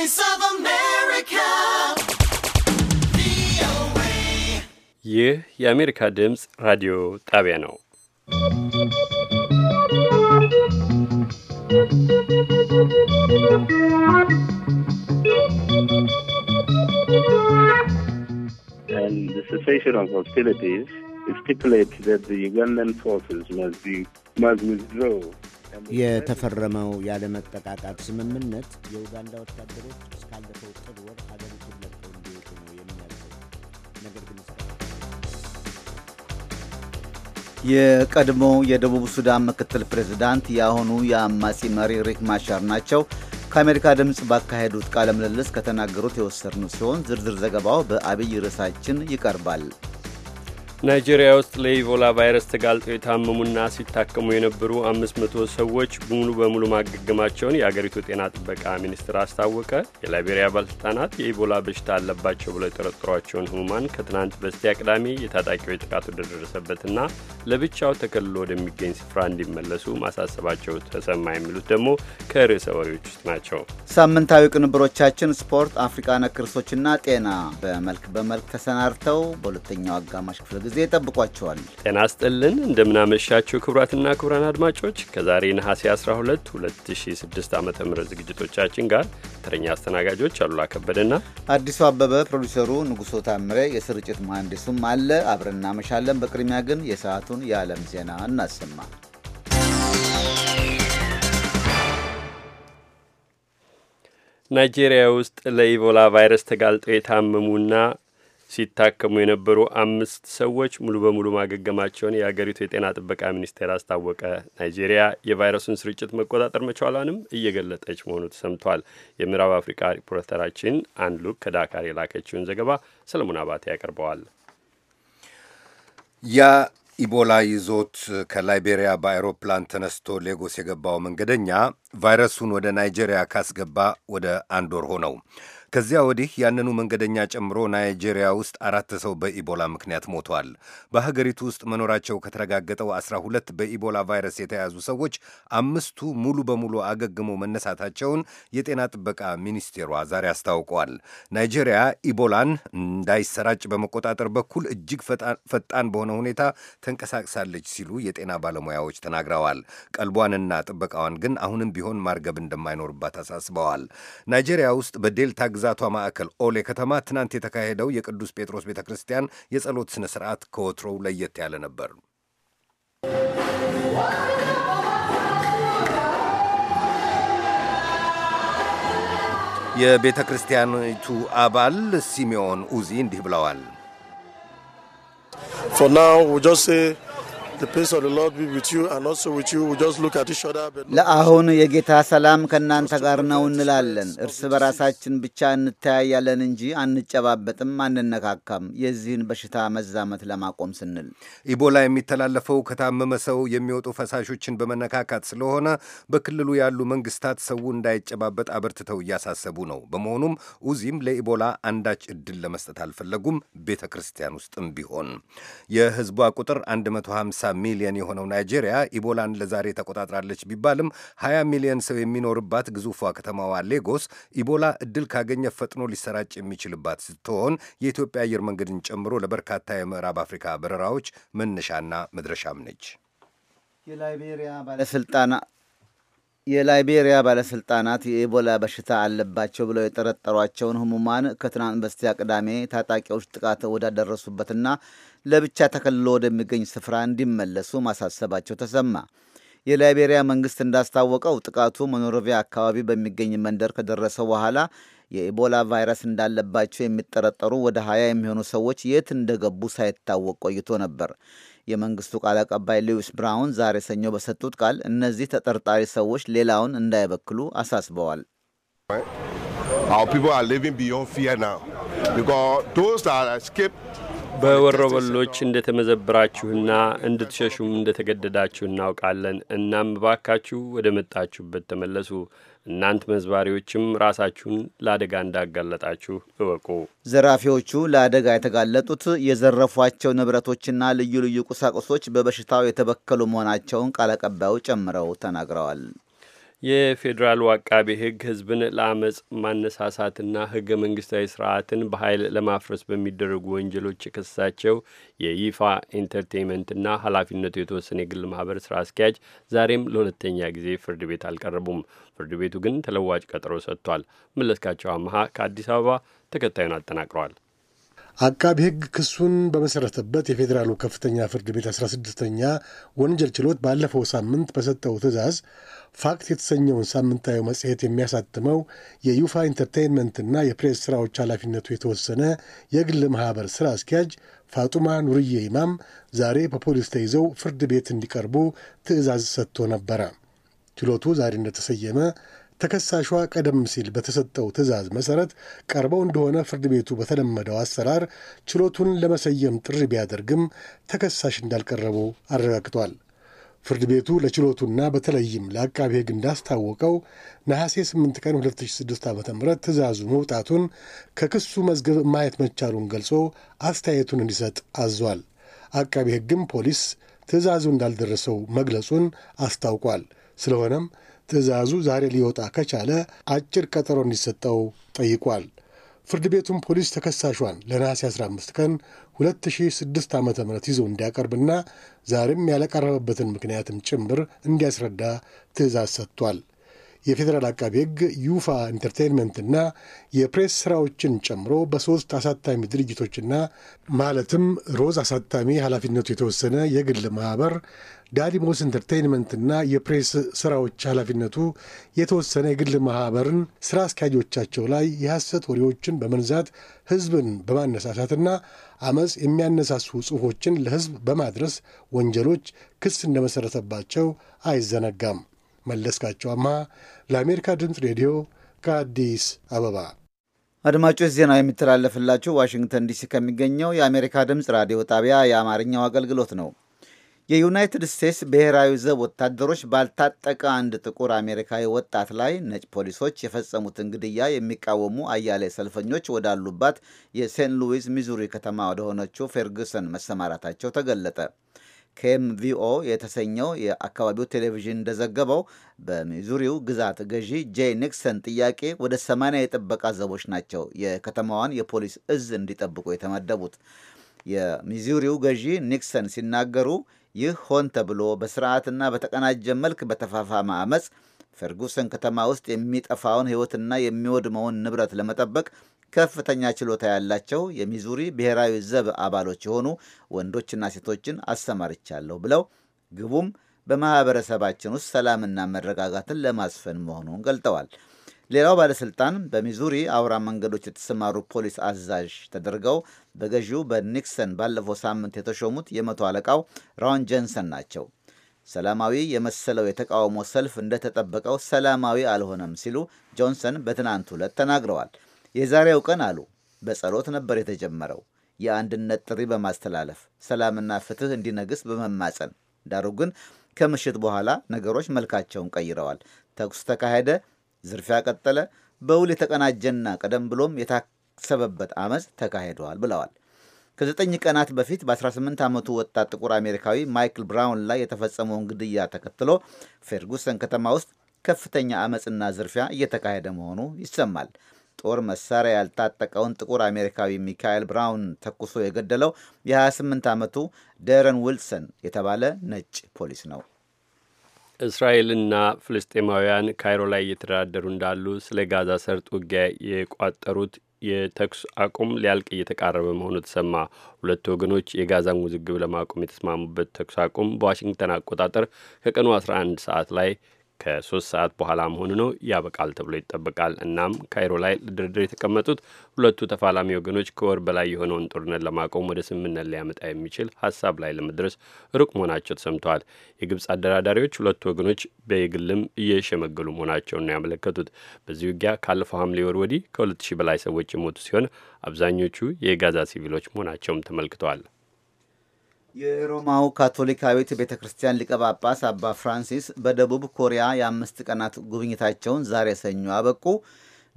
Voice of America. ይህ የአሜሪካ ድምፅ And the cessation of hostilities stipulates that the Ugandan forces must, be, must withdraw የተፈረመው ያለመጠቃቃት ስምምነት የኡጋንዳ ወታደሮች እስካለፈው ጥር ወር አገሪቱን ለቀው እንዲወጡ ነው የሚያዘው። ነገር ግን የቀድሞ የደቡብ ሱዳን ምክትል ፕሬዝዳንት የአሁኑ የአማጺ መሪ ሪክ ማሻር ናቸው። ከአሜሪካ ድምፅ ባካሄዱት ቃለ ምልልስ ከተናገሩት የወሰድነው ሲሆን ዝርዝር ዘገባው በአብይ ርዕሳችን ይቀርባል። ናይጄሪያ ውስጥ ለኢቦላ ቫይረስ ተጋልጠው የታመሙና ሲታከሙ የነበሩ አምስት መቶ ሰዎች ሙሉ በሙሉ ማገገማቸውን የአገሪቱ ጤና ጥበቃ ሚኒስቴር አስታወቀ። የላይቤሪያ ባለስልጣናት የኢቦላ በሽታ አለባቸው ብለው የጠረጠሯቸውን ህሙማን ከትናንት በስቲያ ቅዳሜ የታጣቂዎች ጥቃት ወደደረሰበትና ለብቻው ተከልሎ ወደሚገኝ ስፍራ እንዲመለሱ ማሳሰባቸው ተሰማ። የሚሉት ደግሞ ከርዕሰ ወሬዎች ውስጥ ናቸው። ሳምንታዊ ቅንብሮቻችን ስፖርት፣ አፍሪካ ነክ ርዕሶችና ጤና በመልክ በመልክ ተሰናድተው በሁለተኛው አጋማሽ ክፍል ጊዜ ይጠብቋቸዋል። ጤና ስጥልን እንደምናመሻችው ክቡራትና ክቡራን አድማጮች ከዛሬ ነሐሴ 12 2006 ዓ ም ዝግጅቶቻችን ጋር ተረኛ አስተናጋጆች አሉላ ከበደና አዲሱ አበበ፣ ፕሮዲሰሩ ንጉሶ ታምሬ፣ የስርጭት መሐንዲሱም አለ። አብረን እናመሻለን። በቅድሚያ ግን የሰዓቱን የዓለም ዜና እናሰማ። ናይጄሪያ ውስጥ ለኢቦላ ቫይረስ ተጋልጠው የታመሙና ሲታከሙ የነበሩ አምስት ሰዎች ሙሉ በሙሉ ማገገማቸውን የአገሪቱ የጤና ጥበቃ ሚኒስቴር አስታወቀ። ናይጄሪያ የቫይረሱን ስርጭት መቆጣጠር መቻሏንም እየገለጠች መሆኑ ተሰምቷል። የምዕራብ አፍሪካ ሪፖርተራችን አንድ ሉክ ከዳካር የላከችውን ዘገባ ሰለሞን አባቴ ያቀርበዋል። ኢቦላ ይዞት ከላይቤሪያ በአይሮፕላን ተነስቶ ሌጎስ የገባው መንገደኛ ቫይረሱን ወደ ናይጄሪያ ካስገባ ወደ አንድ ወር ሆነው ከዚያ ወዲህ ያንኑ መንገደኛ ጨምሮ ናይጄሪያ ውስጥ አራት ሰው በኢቦላ ምክንያት ሞተዋል። በሀገሪቱ ውስጥ መኖራቸው ከተረጋገጠው አስራ ሁለት በኢቦላ ቫይረስ የተያዙ ሰዎች አምስቱ ሙሉ በሙሉ አገግሞ መነሳታቸውን የጤና ጥበቃ ሚኒስቴሯ ዛሬ አስታውቋል። ናይጄሪያ ኢቦላን እንዳይሰራጭ በመቆጣጠር በኩል እጅግ ፈጣን በሆነ ሁኔታ ተንቀሳቅሳለች ሲሉ የጤና ባለሙያዎች ተናግረዋል። ቀልቧንና ጥበቃዋን ግን አሁንም ቢሆን ማርገብ እንደማይኖርባት አሳስበዋል። ናይጄሪያ ውስጥ በዴልታ ግዛቷ ማዕከል ኦሌ ከተማ ትናንት የተካሄደው የቅዱስ ጴጥሮስ ቤተ ክርስቲያን የጸሎት ስነ ስርዓት ከወትሮው ለየት ያለ ነበር። የቤተ ክርስቲያኒቱ አባል ሲሚዮን ኡዚ እንዲህ ብለዋል። ለአሁን የጌታ ሰላም ከእናንተ ጋር ነው እንላለን። እርስ በራሳችን ብቻ እንተያያለን እንጂ አንጨባበጥም፣ አንነካካም። የዚህን በሽታ መዛመት ለማቆም ስንል ኢቦላ የሚተላለፈው ከታመመ ሰው የሚወጡ ፈሳሾችን በመነካካት ስለሆነ በክልሉ ያሉ መንግስታት ሰው እንዳይጨባበጥ አበርትተው እያሳሰቡ ነው። በመሆኑም ኡዚም ለኢቦላ አንዳች እድል ለመስጠት አልፈለጉም። ቤተ ክርስቲያን ውስጥም ቢሆን የህዝቧ ቁጥር 150 30 ሚሊየን የሆነው ናይጄሪያ ኢቦላን ለዛሬ ተቆጣጥራለች ቢባልም 20 ሚሊየን ሰው የሚኖርባት ግዙፏ ከተማዋ ሌጎስ ኢቦላ እድል ካገኘ ፈጥኖ ሊሰራጭ የሚችልባት ስትሆን የኢትዮጵያ አየር መንገድን ጨምሮ ለበርካታ የምዕራብ አፍሪካ በረራዎች መነሻና መድረሻም ነች። የላይቤሪያ ባለስልጣና የላይቤሪያ ባለሥልጣናት የኢቦላ በሽታ አለባቸው ብለው የጠረጠሯቸውን ህሙማን ከትናንት በስቲያ ቅዳሜ ታጣቂዎች ጥቃት ወዳደረሱበትና ለብቻ ተከልሎ ወደሚገኝ ስፍራ እንዲመለሱ ማሳሰባቸው ተሰማ። የላይቤሪያ መንግስት እንዳስታወቀው ጥቃቱ መኖሪያ አካባቢ በሚገኝ መንደር ከደረሰ በኋላ የኢቦላ ቫይረስ እንዳለባቸው የሚጠረጠሩ ወደ ሀያ የሚሆኑ ሰዎች የት እንደገቡ ሳይታወቅ ቆይቶ ነበር። የመንግስቱ ቃል አቀባይ ሉዊስ ብራውን ዛሬ ሰኞ በሰጡት ቃል እነዚህ ተጠርጣሪ ሰዎች ሌላውን እንዳይበክሉ አሳስበዋል። በወረበሎች እንደተመዘብራችሁና እንድትሸሹም እንደተገደዳችሁ እናውቃለን። እናም ባካችሁ ወደ መጣችሁበት ተመለሱ። እናንት መዝባሪዎችም ራሳችሁን ለአደጋ እንዳጋለጣችሁ እወቁ። ዘራፊዎቹ ለአደጋ የተጋለጡት የዘረፏቸው ንብረቶችና ልዩ ልዩ ቁሳቁሶች በበሽታው የተበከሉ መሆናቸውን ቃል አቀባዩ ጨምረው ተናግረዋል። የፌዴራሉ አቃቤ ሕግ ህዝብን ለአመፅ ማነሳሳትና ህገ መንግስታዊ ስርዓትን በኃይል ለማፍረስ በሚደረጉ ወንጀሎች የከሰሳቸው የይፋ ኢንተርቴንመንትና ኃላፊነቱ የተወሰነ የግል ማህበር ስራ አስኪያጅ ዛሬም ለሁለተኛ ጊዜ ፍርድ ቤት አልቀረቡም። ፍርድ ቤቱ ግን ተለዋጭ ቀጠሮ ሰጥቷል። መለስካቸው አመሃ ከአዲስ አበባ ተከታዩን አጠናቅረዋል። አቃቢ ሕግ ክሱን በመሠረተበት የፌዴራሉ ከፍተኛ ፍርድ ቤት 16ኛ ወንጀል ችሎት ባለፈው ሳምንት በሰጠው ትዕዛዝ ፋክት የተሰኘውን ሳምንታዊ መጽሔት የሚያሳትመው የዩፋ ኢንተርቴይንመንትና የፕሬስ ሥራዎች ኃላፊነቱ የተወሰነ የግል ማኅበር ሥራ አስኪያጅ ፋጡማ ኑርዬ ኢማም ዛሬ በፖሊስ ተይዘው ፍርድ ቤት እንዲቀርቡ ትዕዛዝ ሰጥቶ ነበረ። ችሎቱ ዛሬ እንደተሰየመ ተከሳሿ ቀደም ሲል በተሰጠው ትዕዛዝ መሰረት ቀርበው እንደሆነ ፍርድ ቤቱ በተለመደው አሰራር ችሎቱን ለመሰየም ጥሪ ቢያደርግም ተከሳሽ እንዳልቀረቡ አረጋግጧል። ፍርድ ቤቱ ለችሎቱና በተለይም ለአቃቤ ሕግ እንዳስታወቀው ነሐሴ 8 ቀን 2006 ዓ ም ትዕዛዙ መውጣቱን ከክሱ መዝገብ ማየት መቻሉን ገልጾ አስተያየቱን እንዲሰጥ አዟል። አቃቤ ሕግም ፖሊስ ትዕዛዙ እንዳልደረሰው መግለጹን አስታውቋል። ስለሆነም ትዕዛዙ ዛሬ ሊወጣ ከቻለ አጭር ቀጠሮ እንዲሰጠው ጠይቋል። ፍርድ ቤቱም ፖሊስ ተከሳሿን ለነሐሴ 15 ቀን 2006 ዓ ም ይዞ እንዲያቀርብና ዛሬም ያለቀረበበትን ምክንያትም ጭምር እንዲያስረዳ ትዕዛዝ ሰጥቷል። የፌዴራል አቃቢ ሕግ ዩፋ ኢንተርቴንመንትና የፕሬስ ስራዎችን ጨምሮ በሶስት አሳታሚ ድርጅቶችና ማለትም ሮዝ አሳታሚ ኃላፊነቱ የተወሰነ የግል ማህበር፣ ዳዲሞስ ኢንተርቴንመንትና የፕሬስ ስራዎች ኃላፊነቱ የተወሰነ የግል ማህበርን ስራ አስኪያጆቻቸው ላይ የሐሰት ወሬዎችን በመንዛት ህዝብን በማነሳሳትና አመፅ የሚያነሳሱ ጽሑፎችን ለህዝብ በማድረስ ወንጀሎች ክስ እንደመሠረተባቸው አይዘነጋም። መለስካቸው ለአሜሪካ ድምፅ ሬዲዮ ከአዲስ አበባ። አድማጮች ዜና የሚተላለፍላችሁ ዋሽንግተን ዲሲ ከሚገኘው የአሜሪካ ድምፅ ራዲዮ ጣቢያ የአማርኛው አገልግሎት ነው። የዩናይትድ ስቴትስ ብሔራዊ ዘብ ወታደሮች ባልታጠቀ አንድ ጥቁር አሜሪካዊ ወጣት ላይ ነጭ ፖሊሶች የፈጸሙትን ግድያ የሚቃወሙ አያሌ ሰልፈኞች ወዳሉባት የሴንት ሉዊስ ሚዙሪ ከተማ ወደሆነችው ፌርግሰን መሰማራታቸው ተገለጠ። ኬምቪኦ የተሰኘው የአካባቢው ቴሌቪዥን እንደዘገበው በሚዙሪው ግዛት ገዢ ጄ ኒክሰን ጥያቄ ወደ 80 የጥበቃ ዘቦች ናቸው የከተማዋን የፖሊስ እዝ እንዲጠብቁ የተመደቡት። የሚዙሪው ገዢ ኒክሰን ሲናገሩ ይህ ሆን ተብሎ በስርዓትና በተቀናጀ መልክ በተፋፋመ አመፅ ፈርጉሰን ከተማ ውስጥ የሚጠፋውን ሕይወትና የሚወድመውን ንብረት ለመጠበቅ ከፍተኛ ችሎታ ያላቸው የሚዙሪ ብሔራዊ ዘብ አባሎች የሆኑ ወንዶችና ሴቶችን አሰማርቻለሁ ብለው ግቡም በማህበረሰባችን ውስጥ ሰላምና መረጋጋትን ለማስፈን መሆኑን ገልጠዋል። ሌላው ባለስልጣን በሚዙሪ አውራ መንገዶች የተሰማሩ ፖሊስ አዛዥ ተደርገው በገዢው በኒክሰን ባለፈው ሳምንት የተሾሙት የመቶ አለቃው ራውን ጀንሰን ናቸው። ሰላማዊ የመሰለው የተቃውሞ ሰልፍ እንደተጠበቀው ሰላማዊ አልሆነም ሲሉ ጆንሰን በትናንት ዕለት ተናግረዋል። የዛሬው ቀን አሉ በጸሎት ነበር የተጀመረው የአንድነት ጥሪ በማስተላለፍ ሰላምና ፍትህ እንዲነግስ በመማጸን ዳሩ ግን ከምሽት በኋላ ነገሮች መልካቸውን ቀይረዋል። ተኩስ ተካሄደ፣ ዝርፊያ ቀጠለ፣ በውል የተቀናጀና ቀደም ብሎም የታሰበበት አመፅ ተካሄደዋል ብለዋል። ከዘጠኝ ቀናት በፊት በ18 ዓመቱ ወጣት ጥቁር አሜሪካዊ ማይክል ብራውን ላይ የተፈጸመውን ግድያ ተከትሎ ፌርጉሰን ከተማ ውስጥ ከፍተኛ አመፅና ዝርፊያ እየተካሄደ መሆኑ ይሰማል። ጦር መሳሪያ ያልታጠቀውን ጥቁር አሜሪካዊ ሚካኤል ብራውን ተኩሶ የገደለው የ28 ዓመቱ ደረን ዊልሰን የተባለ ነጭ ፖሊስ ነው። እስራኤልና ፍልስጤማውያን ካይሮ ላይ እየተደራደሩ እንዳሉ ስለ ጋዛ ሰርጥ ውጊያ የቋጠሩት የተኩስ አቁም ሊያልቅ እየተቃረበ መሆኑ ተሰማ። ሁለቱ ወገኖች የጋዛን ውዝግብ ለማቆም የተስማሙበት ተኩስ አቁም በዋሽንግተን አቆጣጠር ከቀኑ 11 ሰዓት ላይ ከሶስት ሰዓት በኋላ መሆኑ ነው ያበቃል ተብሎ ይጠበቃል። እናም ካይሮ ላይ ለድርድር የተቀመጡት ሁለቱ ተፋላሚ ወገኖች ከወር በላይ የሆነውን ጦርነት ለማቆም ወደ ስምምነት ሊያመጣ የሚችል ሀሳብ ላይ ለመድረስ ሩቅ መሆናቸው ተሰምተዋል። የግብፅ አደራዳሪዎች ሁለቱ ወገኖች በየግልም እየሸመገሉ መሆናቸውን ነው ያመለከቱት። በዚህ ውጊያ ካለፈው ሐምሌ ወር ወዲህ ከ2 ሺህ በላይ ሰዎች የሞቱ ሲሆን አብዛኞቹ የጋዛ ሲቪሎች መሆናቸውም ተመልክተዋል። የሮማው ካቶሊካዊት ቤተ ክርስቲያን ሊቀ ጳጳስ አባ ፍራንሲስ በደቡብ ኮሪያ የአምስት ቀናት ጉብኝታቸውን ዛሬ ሰኞ አበቁ።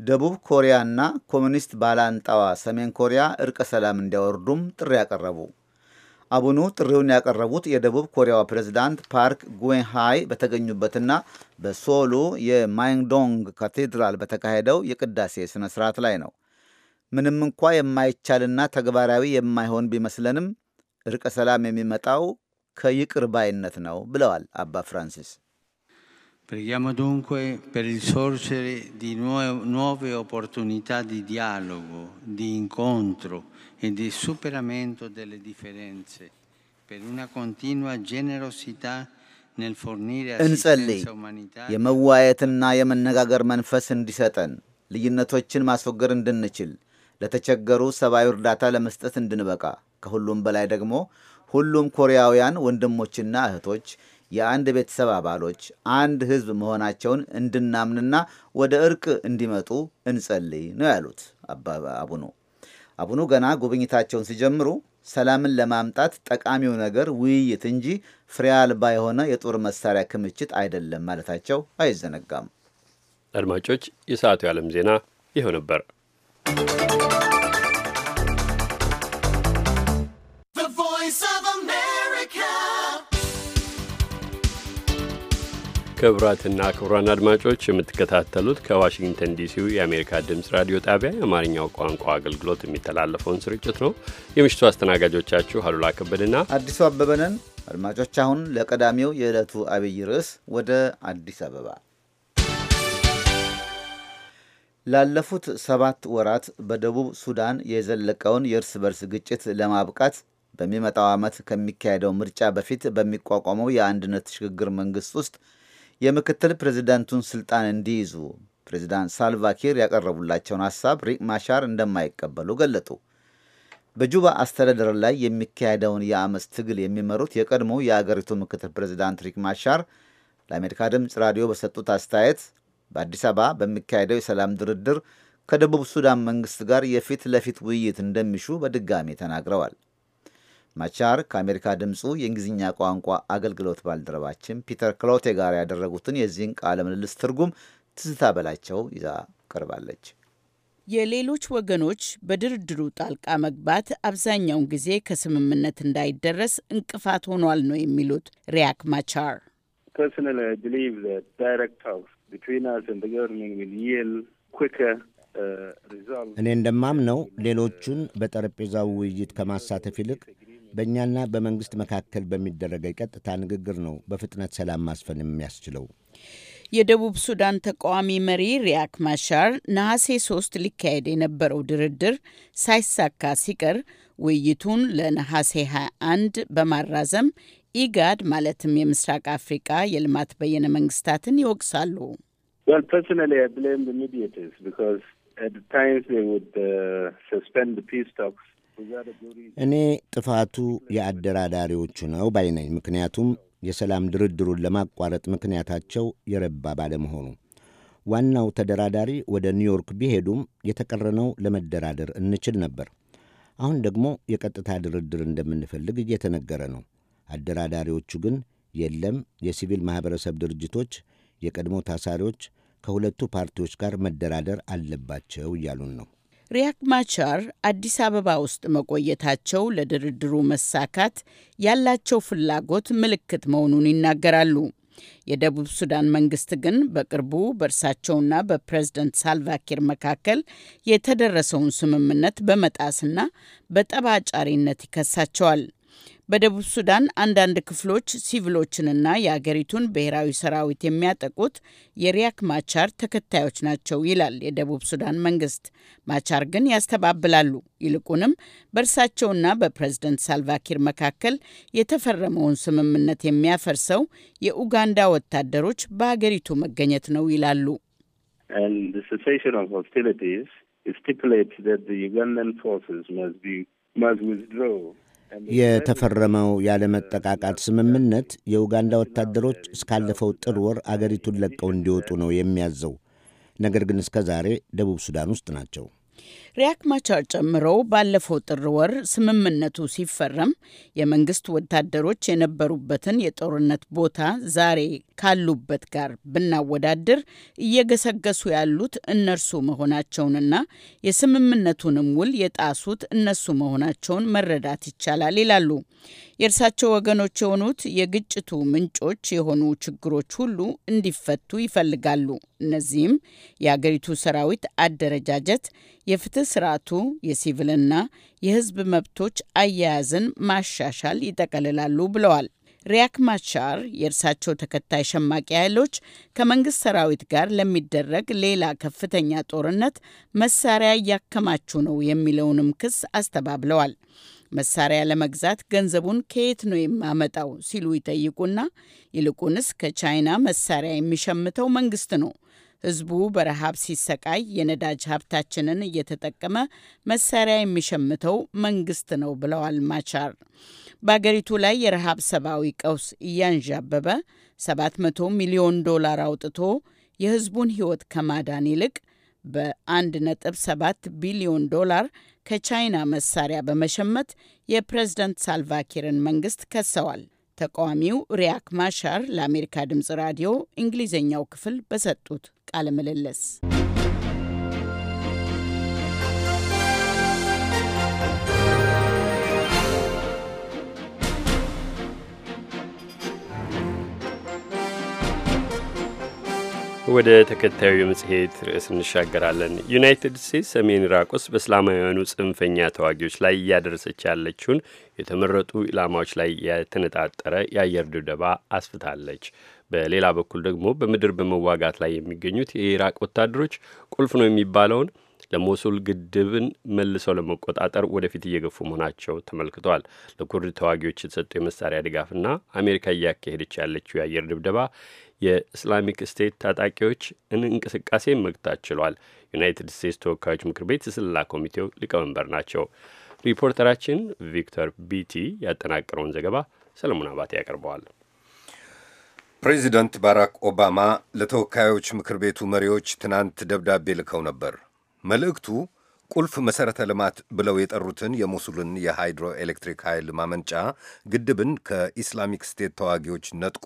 ደቡብ ኮሪያና ኮሚኒስት ባላንጣዋ ሰሜን ኮሪያ እርቀ ሰላም እንዲያወርዱም ጥሪ ያቀረቡ። አቡኑ ጥሪውን ያቀረቡት የደቡብ ኮሪያዋ ፕሬዝዳንት ፓርክ ጉንሃይ በተገኙበትና በሶሉ የማይንዶንግ ካቴድራል በተካሄደው የቅዳሴ ስነ ስርዓት ላይ ነው። ምንም እንኳ የማይቻልና ተግባራዊ የማይሆን ቢመስለንም እርቀ ሰላም የሚመጣው ከይቅር ባይነት ነው ብለዋል አባ ፍራንሲስ። ፕሪያሞ ዱንኩዌ ፐር ኢል ኦፖርቱኒታ ዲያሎጎ ዲ ኢንኮንትሮ ዲ ሱፐራሜንቶ ደለ ዲፌረንሴ ፐር ዩና እንጸልይ። የመዋየትና የመነጋገር መንፈስ እንዲሰጠን ልዩነቶችን ማስወገድ እንድንችል ለተቸገሩ ሰብአዊ እርዳታ ለመስጠት እንድንበቃ ከሁሉም በላይ ደግሞ ሁሉም ኮሪያውያን ወንድሞችና እህቶች የአንድ ቤተሰብ አባሎች፣ አንድ ሕዝብ መሆናቸውን እንድናምንና ወደ እርቅ እንዲመጡ እንጸልይ ነው ያሉት አቡኑ። አቡኑ ገና ጉብኝታቸውን ሲጀምሩ ሰላምን ለማምጣት ጠቃሚው ነገር ውይይት እንጂ ፍሬ አልባ የሆነ የጦር መሳሪያ ክምችት አይደለም ማለታቸው አይዘነጋም። አድማጮች፣ የሰዓቱ የዓለም ዜና ይኸው ነበር። ክቡራትና ክቡራን አድማጮች የምትከታተሉት ከዋሽንግተን ዲሲው የአሜሪካ ድምፅ ራዲዮ ጣቢያ የአማርኛው ቋንቋ አገልግሎት የሚተላለፈውን ስርጭት ነው። የምሽቱ አስተናጋጆቻችሁ አሉላ ከበድና አዲሱ አበበነን። አድማጮች አሁን ለቀዳሚው የዕለቱ አብይ ርዕስ ወደ አዲስ አበባ። ላለፉት ሰባት ወራት በደቡብ ሱዳን የዘለቀውን የእርስ በርስ ግጭት ለማብቃት በሚመጣው ዓመት ከሚካሄደው ምርጫ በፊት በሚቋቋመው የአንድነት ሽግግር መንግስት ውስጥ የምክትል ፕሬዚዳንቱን ስልጣን እንዲይዙ ፕሬዚዳንት ሳልቫኪር ያቀረቡላቸውን ሀሳብ ሪቅ ማሻር እንደማይቀበሉ ገለጡ። በጁባ አስተዳደር ላይ የሚካሄደውን የአመፅ ትግል የሚመሩት የቀድሞው የአገሪቱ ምክትል ፕሬዚዳንት ሪክ ማሻር ለአሜሪካ ድምፅ ራዲዮ በሰጡት አስተያየት በአዲስ አበባ በሚካሄደው የሰላም ድርድር ከደቡብ ሱዳን መንግስት ጋር የፊት ለፊት ውይይት እንደሚሹ በድጋሚ ተናግረዋል። ማቻር ከአሜሪካ ድምፁ የእንግሊዝኛ ቋንቋ አገልግሎት ባልደረባችን ፒተር ክሎቴ ጋር ያደረጉትን የዚህን ቃለ ምልልስ ትርጉም ትዝታ በላቸው ይዛ ቀርባለች። የሌሎች ወገኖች በድርድሩ ጣልቃ መግባት አብዛኛውን ጊዜ ከስምምነት እንዳይደረስ እንቅፋት ሆኗል ነው የሚሉት ሪያክ ማቻር። uh, እኔ እንደማምነው ሌሎቹን በጠረጴዛው ውይይት ከማሳተፍ ይልቅ በእኛና በመንግሥት መካከል በሚደረገ የቀጥታ ንግግር ነው በፍጥነት ሰላም ማስፈን የሚያስችለው። የደቡብ ሱዳን ተቃዋሚ መሪ ሪያክ ማሻር ነሐሴ ሶስት ሊካሄድ የነበረው ድርድር ሳይሳካ ሲቀር ውይይቱን ለነሐሴ 21 በማራዘም ኢጋድ ማለትም የምስራቅ አፍሪቃ የልማት በየነ መንግስታትን ይወቅሳሉ። እኔ ጥፋቱ የአደራዳሪዎቹ ነው ባይ ነኝ። ምክንያቱም የሰላም ድርድሩን ለማቋረጥ ምክንያታቸው የረባ ባለመሆኑ ዋናው ተደራዳሪ ወደ ኒውዮርክ ቢሄዱም የተቀረነው ለመደራደር እንችል ነበር። አሁን ደግሞ የቀጥታ ድርድር እንደምንፈልግ እየተነገረ ነው። አደራዳሪዎቹ ግን የለም፣ የሲቪል ማኅበረሰብ ድርጅቶች የቀድሞ ታሳሪዎች ከሁለቱ ፓርቲዎች ጋር መደራደር አለባቸው እያሉን ነው። ሪያክ ማቻር አዲስ አበባ ውስጥ መቆየታቸው ለድርድሩ መሳካት ያላቸው ፍላጎት ምልክት መሆኑን ይናገራሉ። የደቡብ ሱዳን መንግስት ግን በቅርቡ በእርሳቸውና በፕሬዝደንት ሳልቫኪር መካከል የተደረሰውን ስምምነት በመጣስና በጠባጫሪነት ይከሳቸዋል። በደቡብ ሱዳን አንዳንድ ክፍሎች ሲቪሎችንና የአገሪቱን ብሔራዊ ሰራዊት የሚያጠቁት የሪያክ ማቻር ተከታዮች ናቸው ይላል የደቡብ ሱዳን መንግስት። ማቻር ግን ያስተባብላሉ። ይልቁንም በእርሳቸውና በፕሬዝደንት ሳልቫኪር መካከል የተፈረመውን ስምምነት የሚያፈርሰው የኡጋንዳ ወታደሮች በአገሪቱ መገኘት ነው ይላሉ። የተፈረመው ያለመጠቃቃት ስምምነት የኡጋንዳ ወታደሮች እስካለፈው ጥር ወር አገሪቱን ለቀው እንዲወጡ ነው የሚያዘው። ነገር ግን እስከ ዛሬ ደቡብ ሱዳን ውስጥ ናቸው። ሪያክ ማቻር ጨምሮ ባለፈው ጥር ወር ስምምነቱ ሲፈረም የመንግስት ወታደሮች የነበሩበትን የጦርነት ቦታ ዛሬ ካሉበት ጋር ብናወዳድር እየገሰገሱ ያሉት እነርሱ መሆናቸውንና የስምምነቱንም ውል የጣሱት እነሱ መሆናቸውን መረዳት ይቻላል ይላሉ። የእርሳቸው ወገኖች የሆኑት የግጭቱ ምንጮች የሆኑ ችግሮች ሁሉ እንዲፈቱ ይፈልጋሉ። እነዚህም የአገሪቱ ሰራዊት አደረጃጀት፣ የፍትህ ስርዓቱ የሲቪልና የህዝብ መብቶች አያያዝን ማሻሻል ይጠቀልላሉ ብለዋል። ሪያክ ማቻር የእርሳቸው ተከታይ ሸማቂ ኃይሎች ከመንግስት ሰራዊት ጋር ለሚደረግ ሌላ ከፍተኛ ጦርነት መሳሪያ እያከማቹ ነው የሚለውንም ክስ አስተባብለዋል። መሳሪያ ለመግዛት ገንዘቡን ከየት ነው የማመጣው ሲሉ ይጠይቁና ይልቁንስ ከቻይና መሳሪያ የሚሸምተው መንግስት ነው ህዝቡ በረሃብ ሲሰቃይ የነዳጅ ሀብታችንን እየተጠቀመ መሳሪያ የሚሸምተው መንግስት ነው ብለዋል ማቻር። በአገሪቱ ላይ የረሃብ ሰብአዊ ቀውስ እያንዣበበ 700 ሚሊዮን ዶላር አውጥቶ የህዝቡን ህይወት ከማዳን ይልቅ በ1.7 ቢሊዮን ዶላር ከቻይና መሳሪያ በመሸመት የፕሬዝደንት ሳልቫኪርን መንግስት ከሰዋል። ተቃዋሚው ሪያክ ማሻር ለአሜሪካ ድምፅ ራዲዮ እንግሊዝኛው ክፍል በሰጡት ቃለ ምልልስ ወደ ተከታዩ የመጽሔት ርዕስ እንሻገራለን። ዩናይትድ ስቴትስ ሰሜን ኢራቅ ውስጥ በእስላማውያኑ ጽንፈኛ ተዋጊዎች ላይ እያደረሰች ያለችውን የተመረጡ ኢላማዎች ላይ የተነጣጠረ የአየር ድብደባ አስፍታለች። በሌላ በኩል ደግሞ በምድር በመዋጋት ላይ የሚገኙት የኢራቅ ወታደሮች ቁልፍ ነው የሚባለውን ለሞሱል ግድብን መልሰው ለመቆጣጠር ወደፊት እየገፉ መሆናቸው ተመልክቷል። ለኩርድ ተዋጊዎች የተሰጡ የመሳሪያ ድጋፍና አሜሪካ እያካሄደች ያለችው የአየር ድብደባ የእስላሚክ ስቴት ታጣቂዎች እንቅስቃሴ መግታት ችሏል። ዩናይትድ ስቴትስ ተወካዮች ምክር ቤት የስለላ ኮሚቴው ሊቀመንበር ናቸው። ሪፖርተራችን ቪክተር ቢቲ ያጠናቀረውን ዘገባ ሰለሞን አባቴ ያቀርበዋል። ፕሬዚደንት ባራክ ኦባማ ለተወካዮች ምክር ቤቱ መሪዎች ትናንት ደብዳቤ ልከው ነበር። መልእክቱ ቁልፍ መሠረተ ልማት ብለው የጠሩትን የሞሱልን የሃይድሮ ኤሌክትሪክ ኃይል ማመንጫ ግድብን ከኢስላሚክ ስቴት ተዋጊዎች ነጥቆ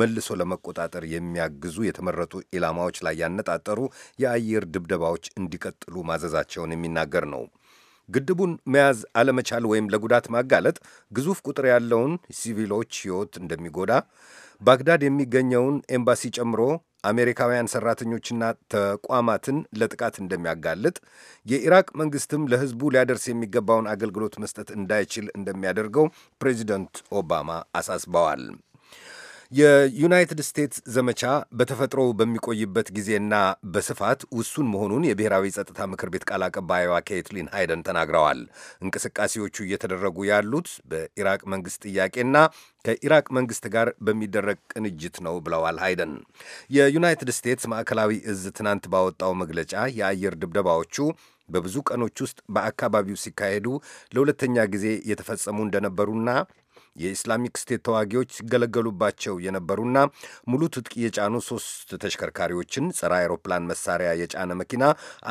መልሶ ለመቆጣጠር የሚያግዙ የተመረጡ ኢላማዎች ላይ ያነጣጠሩ የአየር ድብደባዎች እንዲቀጥሉ ማዘዛቸውን የሚናገር ነው። ግድቡን መያዝ አለመቻል ወይም ለጉዳት ማጋለጥ ግዙፍ ቁጥር ያለውን ሲቪሎች ሕይወት እንደሚጎዳ ባግዳድ የሚገኘውን ኤምባሲ ጨምሮ አሜሪካውያን ሰራተኞችና ተቋማትን ለጥቃት እንደሚያጋልጥ የኢራቅ መንግስትም ለህዝቡ ሊያደርስ የሚገባውን አገልግሎት መስጠት እንዳይችል እንደሚያደርገው ፕሬዚደንት ኦባማ አሳስበዋል። የዩናይትድ ስቴትስ ዘመቻ በተፈጥሮ በሚቆይበት ጊዜና በስፋት ውሱን መሆኑን የብሔራዊ ጸጥታ ምክር ቤት ቃል አቀባይዋ ኬትሊን ሃይደን ተናግረዋል። እንቅስቃሴዎቹ እየተደረጉ ያሉት በኢራቅ መንግስት ጥያቄና ከኢራቅ መንግስት ጋር በሚደረግ ቅንጅት ነው ብለዋል ሃይደን። የዩናይትድ ስቴትስ ማዕከላዊ እዝ ትናንት ባወጣው መግለጫ የአየር ድብደባዎቹ በብዙ ቀኖች ውስጥ በአካባቢው ሲካሄዱ ለሁለተኛ ጊዜ የተፈጸሙ እንደነበሩና የኢስላሚክ ስቴት ተዋጊዎች ሲገለገሉባቸው የነበሩና ሙሉ ትጥቅ የጫኑ ሶስት ተሽከርካሪዎችን፣ ጸረ አውሮፕላን መሳሪያ የጫነ መኪና፣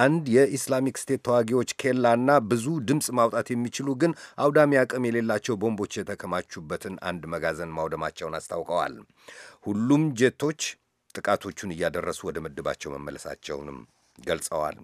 አንድ የኢስላሚክ ስቴት ተዋጊዎች ኬላና ብዙ ድምፅ ማውጣት የሚችሉ ግን አውዳሚ አቅም የሌላቸው ቦምቦች የተከማቹበትን አንድ መጋዘን ማውደማቸውን አስታውቀዋል። ሁሉም ጄቶች ጥቃቶቹን እያደረሱ ወደ ምድባቸው መመለሳቸውንም ገልጸዋል።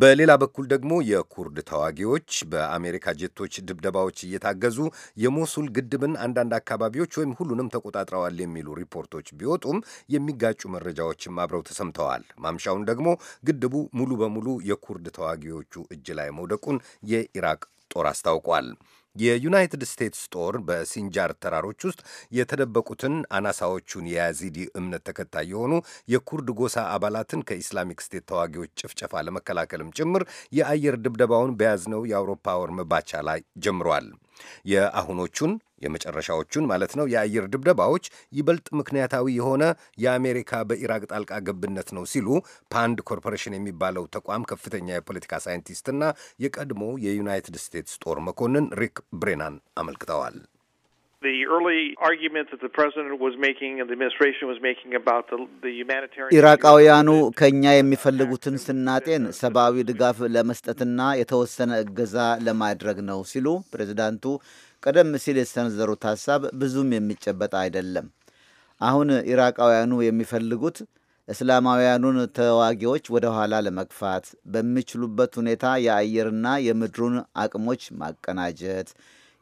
በሌላ በኩል ደግሞ የኩርድ ተዋጊዎች በአሜሪካ ጀቶች ድብደባዎች እየታገዙ የሞሱል ግድብን አንዳንድ አካባቢዎች ወይም ሁሉንም ተቆጣጥረዋል የሚሉ ሪፖርቶች ቢወጡም የሚጋጩ መረጃዎችም አብረው ተሰምተዋል። ማምሻውን ደግሞ ግድቡ ሙሉ በሙሉ የኩርድ ተዋጊዎቹ እጅ ላይ መውደቁን የኢራቅ ጦር አስታውቋል። የዩናይትድ ስቴትስ ጦር በሲንጃር ተራሮች ውስጥ የተደበቁትን አናሳዎቹን የያዚዲ እምነት ተከታይ የሆኑ የኩርድ ጎሳ አባላትን ከኢስላሚክ ስቴት ተዋጊዎች ጭፍጨፋ ለመከላከልም ጭምር የአየር ድብደባውን በያዝነው የአውሮፓ ወር መባቻ ላይ ጀምሯል። የአሁኖቹን የመጨረሻዎቹን ማለት ነው የአየር ድብደባዎች ይበልጥ ምክንያታዊ የሆነ የአሜሪካ በኢራቅ ጣልቃ ገብነት ነው ሲሉ ፓንድ ኮርፖሬሽን የሚባለው ተቋም ከፍተኛ የፖለቲካ ሳይንቲስትና የቀድሞ የዩናይትድ ስቴትስ ጦር መኮንን ሪክ ብሬናን አመልክተዋል። The early argument that the president was making and the administration was making about the, the humanitarian ኢራቃውያኑ ከኛ የሚፈልጉትን ስናጤን ሰብአዊ ድጋፍ ለመስጠትና የተወሰነ እገዛ ለማድረግ ነው ሲሉ ፕሬዚዳንቱ ቀደም ሲል የሰነዘሩት ሀሳብ ብዙም የሚጨበጥ አይደለም። አሁን ኢራቃውያኑ የሚፈልጉት እስላማውያኑን ተዋጊዎች ወደ ኋላ ለመግፋት በሚችሉበት ሁኔታ የአየርና የምድሩን አቅሞች ማቀናጀት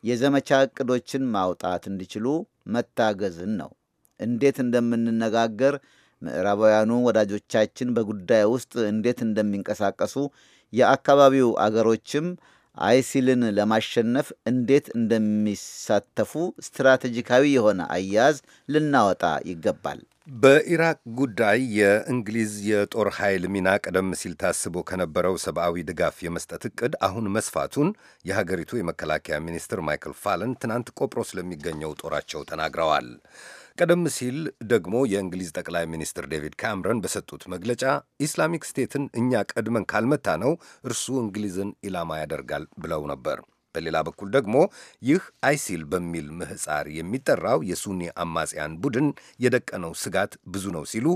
የዘመቻ እቅዶችን ማውጣት እንዲችሉ መታገዝን ነው። እንዴት እንደምንነጋገር ምዕራባውያኑ ወዳጆቻችን በጉዳይ ውስጥ እንዴት እንደሚንቀሳቀሱ የአካባቢው አገሮችም አይሲልን ለማሸነፍ እንዴት እንደሚሳተፉ ስትራቴጂካዊ የሆነ አያያዝ ልናወጣ ይገባል። በኢራቅ ጉዳይ የእንግሊዝ የጦር ኃይል ሚና ቀደም ሲል ታስቦ ከነበረው ሰብአዊ ድጋፍ የመስጠት እቅድ አሁን መስፋቱን የሀገሪቱ የመከላከያ ሚኒስትር ማይክል ፋለን ትናንት ቆጵሮስ ለሚገኘው ጦራቸው ተናግረዋል። ቀደም ሲል ደግሞ የእንግሊዝ ጠቅላይ ሚኒስትር ዴቪድ ካምረን በሰጡት መግለጫ ኢስላሚክ ስቴትን እኛ ቀድመን ካልመታ ነው እርሱ እንግሊዝን ኢላማ ያደርጋል ብለው ነበር። በሌላ በኩል ደግሞ ይህ አይሲል በሚል ምህፃር የሚጠራው የሱኒ አማጽያን ቡድን የደቀነው ስጋት ብዙ ነው ሲሉ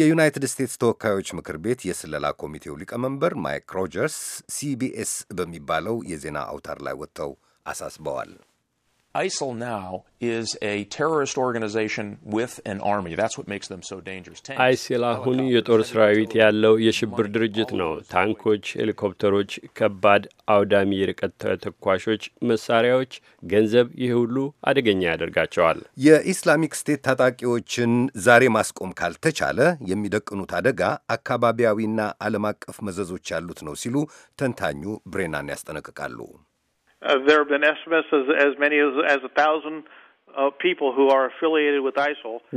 የዩናይትድ ስቴትስ ተወካዮች ምክር ቤት የስለላ ኮሚቴው ሊቀመንበር ማይክ ሮጀርስ ሲቢኤስ በሚባለው የዜና አውታር ላይ ወጥተው አሳስበዋል። ISIL now is a terrorist organization with an army. That's what makes them so dangerous. አይሲል አሁን የጦር ሰራዊት ያለው የሽብር ድርጅት ነው። ታንኮች፣ ሄሊኮፕተሮች፣ ከባድ አውዳሚ የርቀት ተተኳሾች፣ መሳሪያዎች፣ ገንዘብ፣ ይህ ሁሉ አደገኛ ያደርጋቸዋል። የኢስላሚክ ስቴት ታጣቂዎችን ዛሬ ማስቆም ካልተቻለ የሚደቅኑት አደጋ አካባቢያዊና ዓለም አቀፍ መዘዞች ያሉት ነው ሲሉ ተንታኙ ብሬናን ያስጠነቅቃሉ። Uh, there have been estimates as, as many as, as a thousand uh,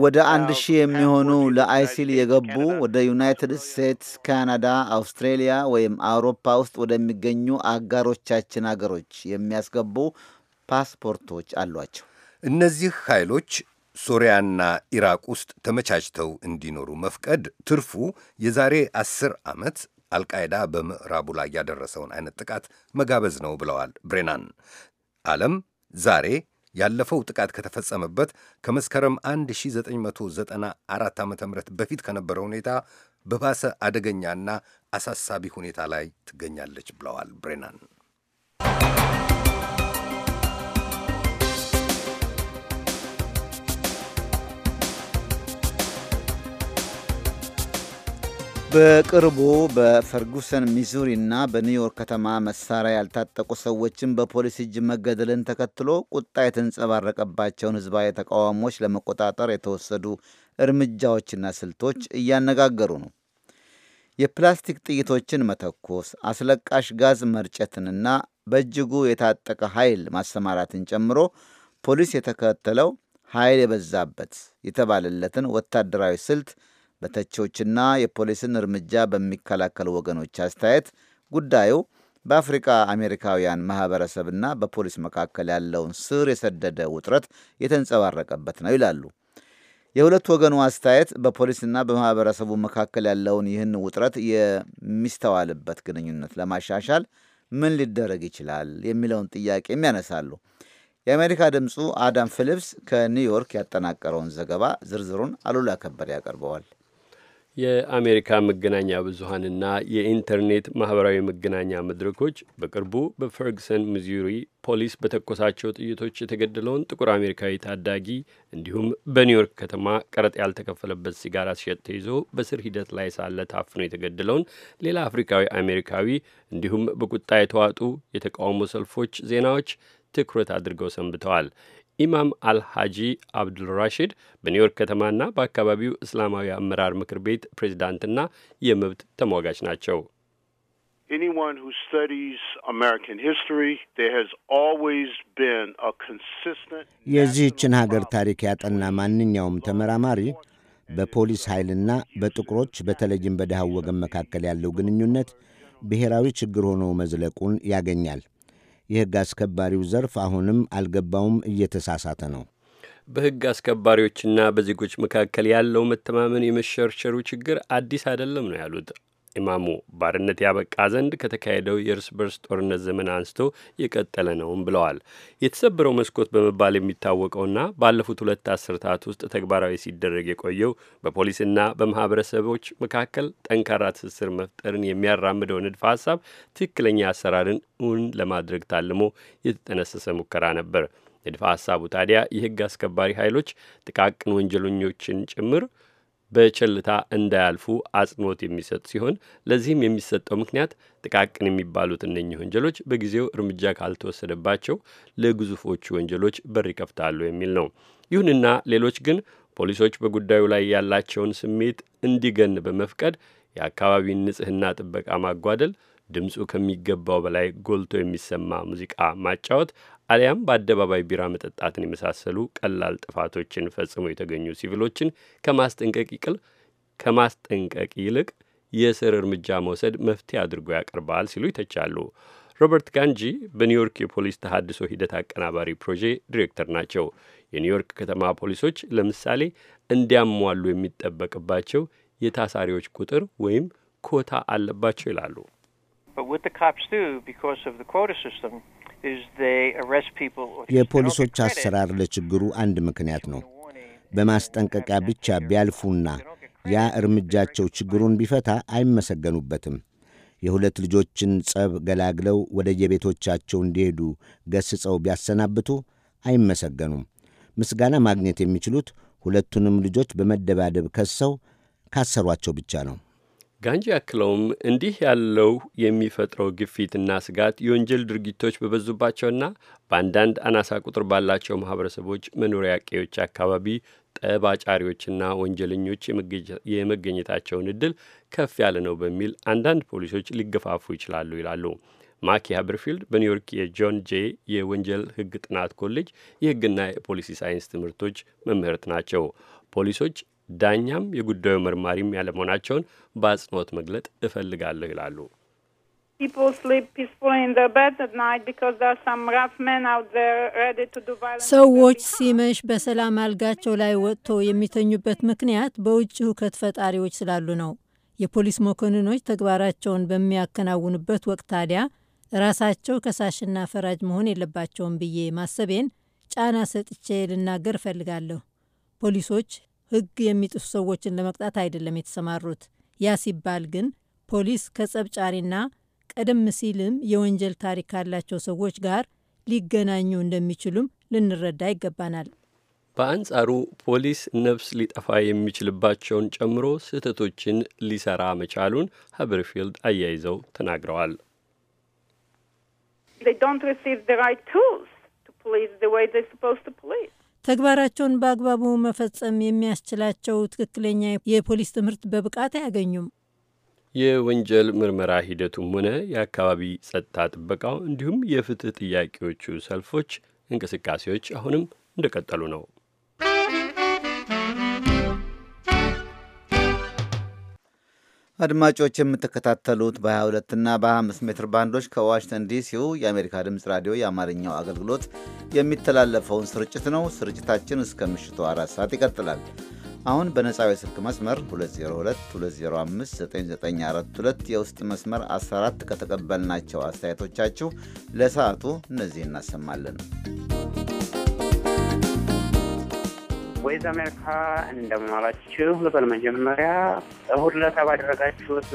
ወደ uh, አንድ ሺህ የሚሆኑ ለአይሲል የገቡ ወደ ዩናይትድ ስቴትስ፣ ካናዳ፣ አውስትሬሊያ ወይም አውሮፓ ውስጥ ወደሚገኙ አጋሮቻችን አገሮች የሚያስገቡ ፓስፖርቶች አሏቸው። እነዚህ ኃይሎች ሶሪያና ኢራቅ ውስጥ ተመቻችተው እንዲኖሩ መፍቀድ ትርፉ የዛሬ አስር ዓመት አልቃይዳ በምዕራቡ ላይ ያደረሰውን አይነት ጥቃት መጋበዝ ነው ብለዋል ብሬናን። ዓለም ዛሬ ያለፈው ጥቃት ከተፈጸመበት ከመስከረም 1994 ዓ ም በፊት ከነበረ ሁኔታ በባሰ አደገኛና አሳሳቢ ሁኔታ ላይ ትገኛለች ብለዋል ብሬናን። በቅርቡ በፈርጉሰን ሚዙሪ እና በኒውዮርክ ከተማ መሳሪያ ያልታጠቁ ሰዎችን በፖሊስ እጅ መገደልን ተከትሎ ቁጣ የተንጸባረቀባቸውን ህዝባዊ ተቃውሞዎች ለመቆጣጠር የተወሰዱ እርምጃዎችና ስልቶች እያነጋገሩ ነው። የፕላስቲክ ጥይቶችን መተኮስ፣ አስለቃሽ ጋዝ መርጨትንና በእጅጉ የታጠቀ ኃይል ማሰማራትን ጨምሮ ፖሊስ የተከተለው ኃይል የበዛበት የተባለለትን ወታደራዊ ስልት በተቾችና የፖሊስን እርምጃ በሚከላከሉ ወገኖች አስተያየት ጉዳዩ በአፍሪካ አሜሪካውያን ማህበረሰብና በፖሊስ መካከል ያለውን ስር የሰደደ ውጥረት የተንጸባረቀበት ነው ይላሉ። የሁለት ወገኑ አስተያየት በፖሊስና በማህበረሰቡ መካከል ያለውን ይህን ውጥረት የሚስተዋልበት ግንኙነት ለማሻሻል ምን ሊደረግ ይችላል የሚለውን ጥያቄም ያነሳሉ። የአሜሪካ ድምፁ አዳም ፊሊፕስ ከኒውዮርክ ያጠናቀረውን ዘገባ ዝርዝሩን አሉላ ከበደ ያቀርበዋል። የአሜሪካ መገናኛ ብዙሀንና የኢንተርኔት ማህበራዊ መገናኛ መድረኮች በቅርቡ በፈርግሰን ሚዙሪ ፖሊስ በተኮሳቸው ጥይቶች የተገደለውን ጥቁር አሜሪካዊ ታዳጊ እንዲሁም በኒውዮርክ ከተማ ቀረጥ ያልተከፈለበት ሲጋራ ሲሸጥ ተይዞ በስር ሂደት ላይ ሳለ ታፍኖ የተገደለውን ሌላ አፍሪካዊ አሜሪካዊ እንዲሁም በቁጣ የተዋጡ የተቃውሞ ሰልፎች ዜናዎች ትኩረት አድርገው ሰንብተዋል። ኢማም አልሃጂ አብዱልራሺድ በኒውዮርክ ከተማና በአካባቢው እስላማዊ አመራር ምክር ቤት ፕሬዚዳንትና የመብት ተሟጋች ናቸው። የዚህችን ሀገር ታሪክ ያጠና ማንኛውም ተመራማሪ በፖሊስ ኃይልና በጥቁሮች በተለይም በደሃው ወገን መካከል ያለው ግንኙነት ብሔራዊ ችግር ሆኖ መዝለቁን ያገኛል። የሕግ አስከባሪው ዘርፍ አሁንም አልገባውም፣ እየተሳሳተ ነው። በሕግ አስከባሪዎችና በዜጎች መካከል ያለው መተማመን የመሸርሸሩ ችግር አዲስ አይደለም ነው ያሉት ኢማሙ ባርነት ያበቃ ዘንድ ከተካሄደው የእርስ በርስ ጦርነት ዘመን አንስቶ የቀጠለ ነውም ብለዋል። የተሰበረው መስኮት በመባል የሚታወቀውና ባለፉት ሁለት አስርታት ውስጥ ተግባራዊ ሲደረግ የቆየው በፖሊስና በማህበረሰቦች መካከል ጠንካራ ትስስር መፍጠርን የሚያራምደው ንድፈ ሀሳብ ትክክለኛ አሰራርን እውን ለማድረግ ታልሞ የተጠነሰሰ ሙከራ ነበር። ንድፈ ሀሳቡ ታዲያ የህግ አስከባሪ ኃይሎች ጥቃቅን ወንጀለኞችን ጭምር በቸልታ እንዳያልፉ አጽንኦት የሚሰጥ ሲሆን ለዚህም የሚሰጠው ምክንያት ጥቃቅን የሚባሉት እነኚህ ወንጀሎች በጊዜው እርምጃ ካልተወሰደባቸው ለግዙፎቹ ወንጀሎች በር ይከፍታሉ የሚል ነው። ይሁንና ሌሎች ግን ፖሊሶች በጉዳዩ ላይ ያላቸውን ስሜት እንዲገን በመፍቀድ የአካባቢን ንጽህና ጥበቃ ማጓደል ድምፁ ከሚገባው በላይ ጎልቶ የሚሰማ ሙዚቃ ማጫወት አሊያም በአደባባይ ቢራ መጠጣትን የመሳሰሉ ቀላል ጥፋቶችን ፈጽሞ የተገኙ ሲቪሎችን ከማስጠንቀቅ ይቅል ከማስጠንቀቅ ይልቅ የእስር እርምጃ መውሰድ መፍትሄ አድርጎ ያቀርባል ሲሉ ይተቻሉ። ሮበርት ጋንጂ በኒውዮርክ የፖሊስ ተሃድሶ ሂደት አቀናባሪ ፕሮጄ ዲሬክተር ናቸው። የኒውዮርክ ከተማ ፖሊሶች ለምሳሌ እንዲያሟሉ የሚጠበቅባቸው የታሳሪዎች ቁጥር ወይም ኮታ አለባቸው ይላሉ። የፖሊሶች አሰራር ለችግሩ አንድ ምክንያት ነው። በማስጠንቀቂያ ብቻ ቢያልፉና ያ እርምጃቸው ችግሩን ቢፈታ አይመሰገኑበትም። የሁለት ልጆችን ጸብ ገላግለው ወደ የቤቶቻቸው እንዲሄዱ ገስጸው ቢያሰናብቱ አይመሰገኑም። ምስጋና ማግኘት የሚችሉት ሁለቱንም ልጆች በመደባደብ ከሰው ካሰሯቸው ብቻ ነው። ጋንጂ አክለውም እንዲህ ያለው የሚፈጥረው ግፊትና ስጋት የወንጀል ድርጊቶች በበዙባቸውና በአንዳንድ አናሳ ቁጥር ባላቸው ማህበረሰቦች መኖሪያ ቀዬዎች አካባቢ ጠባጫሪዎችና ወንጀለኞች የመገኘታቸውን እድል ከፍ ያለ ነው በሚል አንዳንድ ፖሊሶች ሊገፋፉ ይችላሉ ይላሉ። ማኪ ሀበርፊልድ በኒውዮርክ የጆን ጄ የወንጀል ሕግ ጥናት ኮሌጅ የሕግና የፖሊሲ ሳይንስ ትምህርቶች መምህርት ናቸው። ፖሊሶች ዳኛም የጉዳዩ መርማሪም ያለመሆናቸውን በአጽንኦት መግለጥ እፈልጋለሁ ይላሉ። ሰዎች ሲመሽ በሰላም አልጋቸው ላይ ወጥቶ የሚተኙበት ምክንያት በውጭ ሁከት ፈጣሪዎች ስላሉ ነው። የፖሊስ መኮንኖች ተግባራቸውን በሚያከናውኑበት ወቅት ታዲያ ራሳቸው ከሳሽና ፈራጅ መሆን የለባቸውም ብዬ ማሰቤን ጫና ሰጥቼ ልናገር እፈልጋለሁ። ፖሊሶች ህግ የሚጥሱ ሰዎችን ለመቅጣት አይደለም የተሰማሩት። ያ ሲባል ግን ፖሊስ ከጸብጫሪና ቀደም ሲልም የወንጀል ታሪክ ካላቸው ሰዎች ጋር ሊገናኙ እንደሚችሉም ልንረዳ ይገባናል። በአንጻሩ ፖሊስ ነፍስ ሊጠፋ የሚችልባቸውን ጨምሮ ስህተቶችን ሊሰራ መቻሉን ሀበርፊልድ አያይዘው ተናግረዋል። ተግባራቸውን በአግባቡ መፈጸም የሚያስችላቸው ትክክለኛ የፖሊስ ትምህርት በብቃት አያገኙም። የወንጀል ምርመራ ሂደቱም ሆነ የአካባቢ ጸጥታ ጥበቃው እንዲሁም የፍትህ ጥያቄዎቹ ሰልፎች፣ እንቅስቃሴዎች አሁንም እንደቀጠሉ ነው። አድማጮች የምትከታተሉት በ22 እና በ25 ሜትር ባንዶች ከዋሽንግተን ዲሲው የአሜሪካ ድምፅ ራዲዮ የአማርኛው አገልግሎት የሚተላለፈውን ስርጭት ነው። ስርጭታችን እስከ ምሽቱ አራት ሰዓት ይቀጥላል። አሁን በነጻው የስልክ መስመር 2022059942 የውስጥ መስመር 14 ከተቀበልናቸው አስተያየቶቻችሁ ለሰዓቱ እነዚህ እናሰማለን። ቮይስ አሜሪካ እንደምናላችሁ መጀመሪያ እሁድ ዕለት ባደረጋችሁት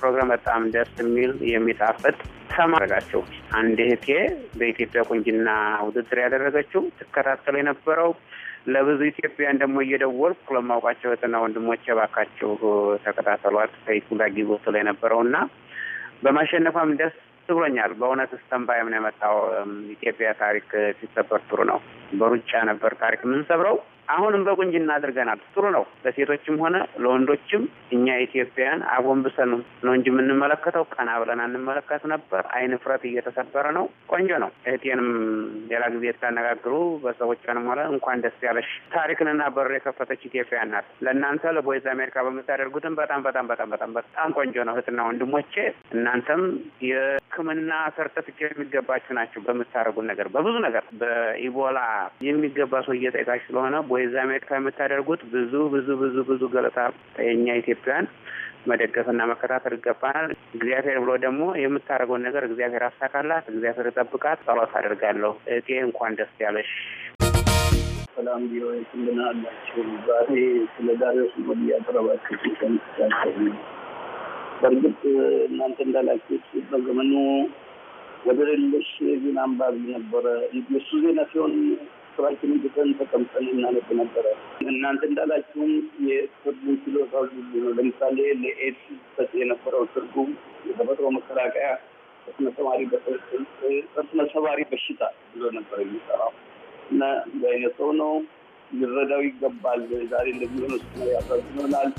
ፕሮግራም በጣም ደስ የሚል የሚጣፍጥ ተማረጋችሁ አንድ እህቴ በኢትዮጵያ ቁንጅና ውድድር ያደረገችው ትከታተሉ የነበረው ለብዙ ኢትዮጵያን ደግሞ እየደወልኩ ለማውቃቸው እህትና ወንድሞቼ እባካችሁ ተከታተሏት ከይኩዳጊ ቦቶ ላይ ነበረው እና በማሸነፏም ደስ ብሎኛል። በእውነት ስተንባይም ነው የመጣው። ኢትዮጵያ ታሪክ ሲሰበር ጥሩ ነው። በሩጫ ነበር ታሪክ የምንሰብረው። አሁንም በቁንጅና አድርገናል። ጥሩ ነው። ለሴቶችም ሆነ ለወንዶችም እኛ ኢትዮጵያውያን አጎንብሰን ነው እንጂ የምንመለከተው፣ ቀና ብለን አንመለከት ነበር። አይን ፍረት እየተሰበረ ነው። ቆንጆ ነው። እህቴንም ሌላ ጊዜ ታነጋግሩ። በሰዎቿንም ሆነ እንኳን ደስ ያለሽ። ታሪክንና በር የከፈተች ኢትዮጵያ ናት። ለእናንተ ለቮይስ አሜሪካ በምታደርጉትም በጣም በጣም በጣም በጣም በጣም ቆንጆ ነው። እህትና ወንድሞቼ እናንተም የሕክምና ሰርተፊኬት የሚገባችሁ ናቸው። በምታደርጉት ነገር በብዙ ነገር በኢቦላ የሚገባ ሰው እየጠየቃችሁ ስለሆነ ወይዛ እዛ አሜሪካ የምታደርጉት ብዙ ብዙ ብዙ ብዙ ገለታ የኛ ኢትዮጵያን መደገፍና መከታተል ይገባናል። እግዚአብሔር ብሎ ደግሞ የምታደርገውን ነገር እግዚአብሔር አሳካላት፣ እግዚአብሔር ጠብቃት። ጸሎት አደርጋለሁ። እቴ እንኳን ደስ ያለሽ። ሰላም ቢሆን ስምና አላቸው። ዛሬ ስለ ዳሪዎስ ሞድ ያቀረባችሁ ተነስቻቸው። በእርግጥ እናንተ እንዳላችሁት በዘመኑ ወደ ሌሎች ዜና አንባቢ ነበረ እሱ ዜና ሲሆን ስራችን ብሰን ተቀምጠን እናነብ ነበረ። እናንተ እንዳላችሁም የፍርዱን ችሎታ ሁሉ ነው። ለምሳሌ ለኤድስ ሰጥ የነበረው ትርጉም የተፈጥሮ መከላከያ ጥርስ መሰባሪ በሽታ ብሎ ነበር የሚጠራው እና በአይነት ሰው ነው ሊረዳው ይገባል። ዛሬ እንደሚሆን ያሳዝኖናል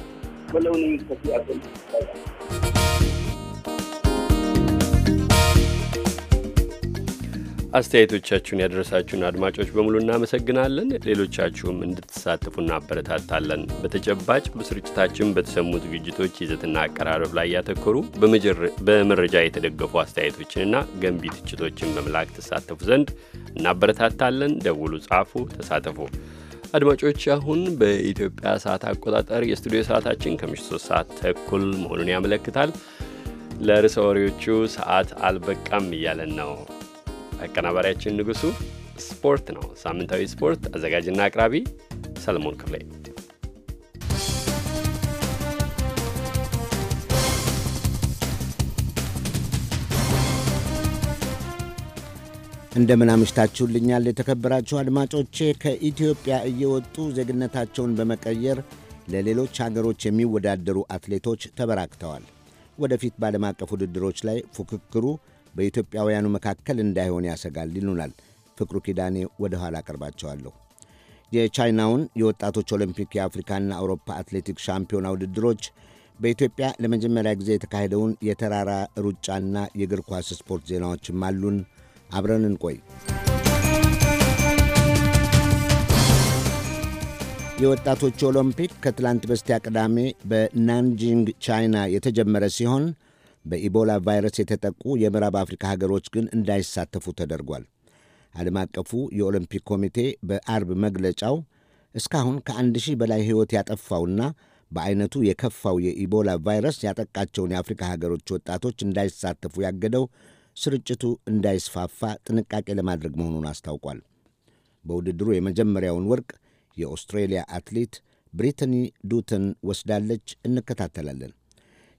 ብለው ነው የሚከፍያትን ይባላል አስተያየቶቻችሁን ያደረሳችሁን አድማጮች በሙሉ እናመሰግናለን። ሌሎቻችሁም እንድትሳተፉ እናበረታታለን። በተጨባጭ በስርጭታችን በተሰሙ ዝግጅቶች ይዘትና አቀራረብ ላይ ያተኮሩ በመረጃ የተደገፉ አስተያየቶችንና ገንቢ ትችቶችን በመላክ ተሳተፉ ዘንድ እናበረታታለን። ደውሉ፣ ጻፉ፣ ተሳተፉ። አድማጮች አሁን በኢትዮጵያ ሰዓት አቆጣጠር የስቱዲዮ ሰዓታችን ከምሽቱ ሶስት ሰዓት ተኩል መሆኑን ያመለክታል። ለርዕሰ ወሬዎቹ ሰዓት አልበቃም እያለን ነው። አቀናባሪያችን ንጉሱ፣ ስፖርት ነው። ሳምንታዊ ስፖርት አዘጋጅና አቅራቢ ሰለሞን ክፍሌ። እንደምን አምሽታችሁልኛል የተከበራችሁ አድማጮቼ። ከኢትዮጵያ እየወጡ ዜግነታቸውን በመቀየር ለሌሎች አገሮች የሚወዳደሩ አትሌቶች ተበራክተዋል። ወደፊት በዓለም አቀፍ ውድድሮች ላይ ፉክክሩ በኢትዮጵያውያኑ መካከል እንዳይሆን ያሰጋል ይሉናል ፍቅሩ ኪዳኔ። ወደ ኋላ አቀርባቸዋለሁ። የቻይናውን የወጣቶች ኦሎምፒክ የአፍሪካና አውሮፓ አትሌቲክስ ሻምፒዮና ውድድሮች በኢትዮጵያ ለመጀመሪያ ጊዜ የተካሄደውን የተራራ ሩጫና የእግር ኳስ ስፖርት ዜናዎችም አሉን። አብረን እንቆይ። የወጣቶቹ ኦሎምፒክ ከትላንት በስቲያ ቅዳሜ በናንጂንግ ቻይና የተጀመረ ሲሆን በኢቦላ ቫይረስ የተጠቁ የምዕራብ አፍሪካ ሀገሮች ግን እንዳይሳተፉ ተደርጓል። ዓለም አቀፉ የኦሎምፒክ ኮሚቴ በአርብ መግለጫው እስካሁን ከአንድ ሺህ በላይ ሕይወት ያጠፋውና በአይነቱ የከፋው የኢቦላ ቫይረስ ያጠቃቸውን የአፍሪካ ሀገሮች ወጣቶች እንዳይሳተፉ ያገደው ስርጭቱ እንዳይስፋፋ ጥንቃቄ ለማድረግ መሆኑን አስታውቋል። በውድድሩ የመጀመሪያውን ወርቅ የኦስትሬሊያ አትሌት ብሪትኒ ዱተን ወስዳለች። እንከታተላለን።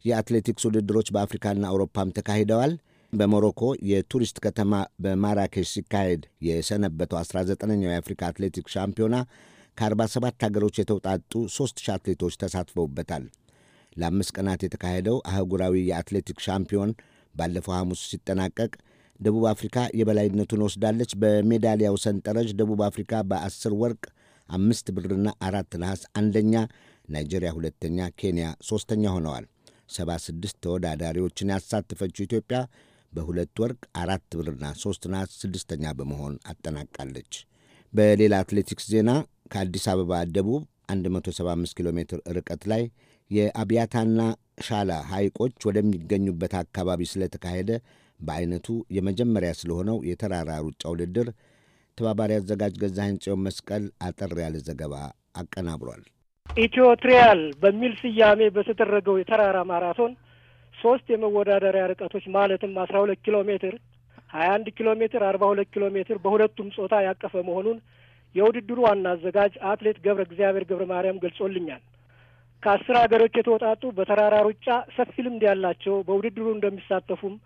የአትሌቲክስ ውድድሮች በአፍሪካና አውሮፓም ተካሂደዋል። በሞሮኮ የቱሪስት ከተማ በማራኬሽ ሲካሄድ የሰነበተው 19ኛው የአፍሪካ አትሌቲክስ ሻምፒዮና ከ47 ሀገሮች የተውጣጡ 3000 አትሌቶች ተሳትፈውበታል። ለአምስት ቀናት የተካሄደው አህጉራዊ የአትሌቲክስ ሻምፒዮን ባለፈው ሐሙስ ሲጠናቀቅ ደቡብ አፍሪካ የበላይነቱን ወስዳለች። በሜዳሊያው ሰንጠረዥ ደቡብ አፍሪካ በ10 ወርቅ፣ አምስት ብርና አራት ነሐስ አንደኛ፣ ናይጄሪያ ሁለተኛ፣ ኬንያ ሦስተኛ ሆነዋል። 76 ተወዳዳሪዎችን ያሳተፈችው ኢትዮጵያ በሁለት ወርቅ አራት ብርና ሦስት ነሐስ ስድስተኛ በመሆን አጠናቃለች። በሌላ አትሌቲክስ ዜና ከአዲስ አበባ ደቡብ 175 ኪሎ ሜትር ርቀት ላይ የአብያታና ሻላ ሐይቆች ወደሚገኙበት አካባቢ ስለተካሄደ በአይነቱ የመጀመሪያ ስለሆነው የተራራ ሩጫ ውድድር ተባባሪ አዘጋጅ ገዛኸኝ ጽዮን መስቀል አጠር ያለ ዘገባ አቀናብሯል። ኢትዮ ትሪያል በሚል ስያሜ በተደረገው የተራራ ማራቶን ሶስት የመወዳደሪያ ርቀቶች ማለትም አስራ ሁለት ኪሎ ሜትር፣ ሀያ አንድ ኪሎ ሜትር፣ አርባ ሁለት ኪሎ ሜትር በሁለቱም ጾታ ያቀፈ መሆኑን የውድድሩ ዋና አዘጋጅ አትሌት ገብረ እግዚአብሔር ገብረ ማርያም ገልጾልኛል። ከአስር ሀገሮች የተወጣጡ በተራራ ሩጫ ሰፊ ልምድ ያላቸው በውድድሩ እንደሚሳተፉም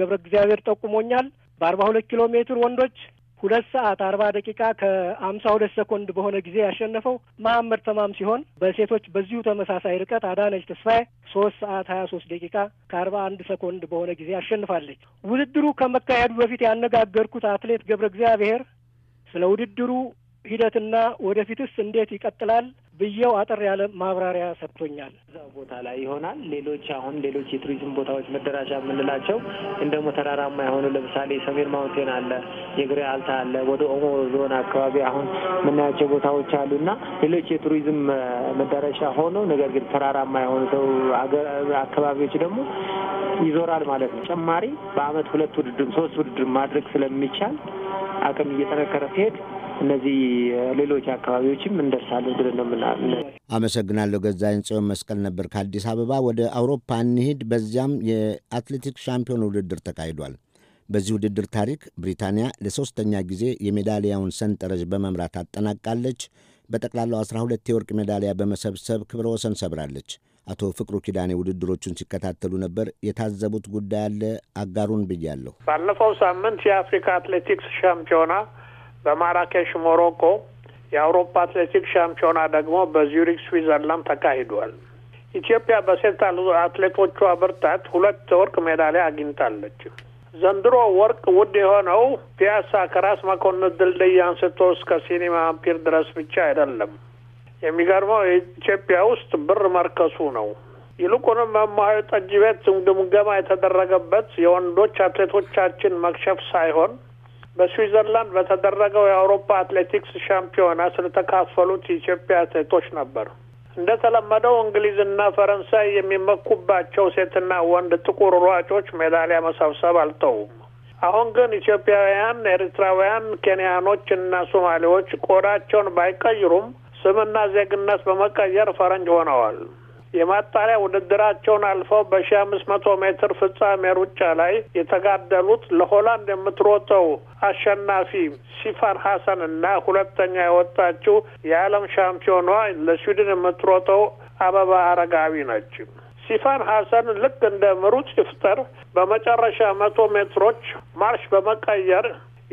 ገብረ እግዚአብሔር ጠቁሞኛል። በአርባ ሁለት ኪሎ ሜትር ወንዶች ሁለት ሰዓት አርባ ደቂቃ ከአምሳ ሁለት ሰኮንድ በሆነ ጊዜ ያሸነፈው መሀመድ ተማም ሲሆን በሴቶች በዚሁ ተመሳሳይ ርቀት አዳነች ተስፋዬ ሶስት ሰዓት ሀያ ሶስት ደቂቃ ከአርባ አንድ ሰኮንድ በሆነ ጊዜ አሸንፋለች። ውድድሩ ከመካሄዱ በፊት ያነጋገርኩት አትሌት ገብረ እግዚአብሔር ስለ ውድድሩ ሂደትና ወደፊትስ እንዴት ይቀጥላል ብዬው አጠር ያለ ማብራሪያ ሰጥቶኛል። እዛ ቦታ ላይ ይሆናል። ሌሎች አሁን ሌሎች የቱሪዝም ቦታዎች መደራጃ የምንላቸው እንደ ተራራማ የሆኑ ለምሳሌ ሰሜን ማውንቴን አለ፣ የግሬ አልታ አለ፣ ወደ ኦሞ ዞን አካባቢ አሁን የምናያቸው ቦታዎች አሉ እና ሌሎች የቱሪዝም መዳረሻ ሆነው ነገር ግን ተራራማ የሆኑ ሰው አካባቢዎች ደግሞ ይዞራል ማለት ነው። ተጨማሪ በአመት ሁለት ውድድር ሶስት ውድድር ማድረግ ስለሚቻል አቅም እየጠነከረ ሲሄድ እነዚህ ሌሎች አካባቢዎችም እንደርሳለን ብለን ነው ምናምን። አመሰግናለሁ። ገዛኝ ጽዮን መስቀል ነበር ከአዲስ አበባ። ወደ አውሮፓ እንሂድ። በዚያም የአትሌቲክስ ሻምፒዮን ውድድር ተካሂዷል። በዚህ ውድድር ታሪክ ብሪታንያ ለሦስተኛ ጊዜ የሜዳሊያውን ሰንጠረዥ በመምራት አጠናቃለች። በጠቅላላው 12 የወርቅ ሜዳሊያ በመሰብሰብ ክብረ ወሰን ሰብራለች። አቶ ፍቅሩ ኪዳኔ ውድድሮቹን ሲከታተሉ ነበር። የታዘቡት ጉዳይ አለ፣ አጋሩን ብያለሁ። ባለፈው ሳምንት የአፍሪካ አትሌቲክስ ሻምፒዮና በማራኬሽ ሞሮኮ፣ የአውሮፓ አትሌቲክ ሻምፒዮና ደግሞ በዚዩሪክ ስዊዘርላንድ ተካሂዷል። ኢትዮጵያ በሴት አትሌቶቿ ብርታት ሁለት ወርቅ ሜዳሊያ አግኝታለች። ዘንድሮ ወርቅ ውድ የሆነው ፒያሳ ከራስ መኮንን ድልድይ አንስቶ እስከ ሲኒማ አምፒር ድረስ ብቻ አይደለም። የሚገርመው ኢትዮጵያ ውስጥ ብር መርከሱ ነው። ይልቁንም መማዊ ጠጅ ቤት ግምገማ የተደረገበት የወንዶች አትሌቶቻችን መክሸፍ ሳይሆን በስዊዘርላንድ በተደረገው የአውሮፓ አትሌቲክስ ሻምፒዮና ስለተካፈሉት የኢትዮጵያ ሴቶች ነበር። እንደተለመደው እንግሊዝና ፈረንሳይ የሚመኩባቸው ሴትና ወንድ ጥቁር ሯጮች ሜዳሊያ መሰብሰብ አልተውም። አሁን ግን ኢትዮጵያውያን፣ ኤርትራውያን፣ ኬንያኖች እና ሶማሌዎች ቆዳቸውን ባይቀይሩም ስምና ዜግነት በመቀየር ፈረንጅ ሆነዋል። የማጣሪያ ውድድራቸውን አልፈው በሺ አምስት መቶ ሜትር ፍጻሜ ሩጫ ላይ የተጋደሉት ለሆላንድ የምትሮጠው አሸናፊ ሲፋን ሀሰን እና ሁለተኛ የወጣችው የዓለም ሻምፒዮኗ ለስዊድን የምትሮጠው አበባ አረጋዊ ነች። ሲፋን ሀሰን ልክ እንደ ምሩጽ ይፍጠር በመጨረሻ መቶ ሜትሮች ማርሽ በመቀየር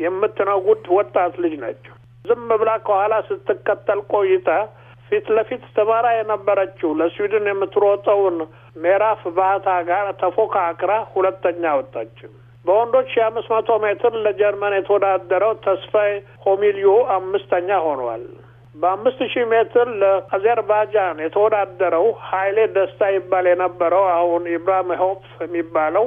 የምትነጉድ ወጣት ልጅ ነች። ዝም ብላ ከኋላ ስትከተል ቆይታ ፊት ለፊት ተማራ የነበረችው ለስዊድን የምትሮጠውን ሜራፍ ባህታ ጋር ተፎካክራ ሁለተኛ ወጣች። በወንዶች ሺህ አምስት መቶ ሜትር ለጀርመን የተወዳደረው ተስፋይ ሆሚልዮ አምስተኛ ሆኗል። በአምስት ሺህ ሜትር ለአዘርባይጃን የተወዳደረው ኃይሌ ደስታ ይባል የነበረው አሁን ኢብራሂም ሆፕ የሚባለው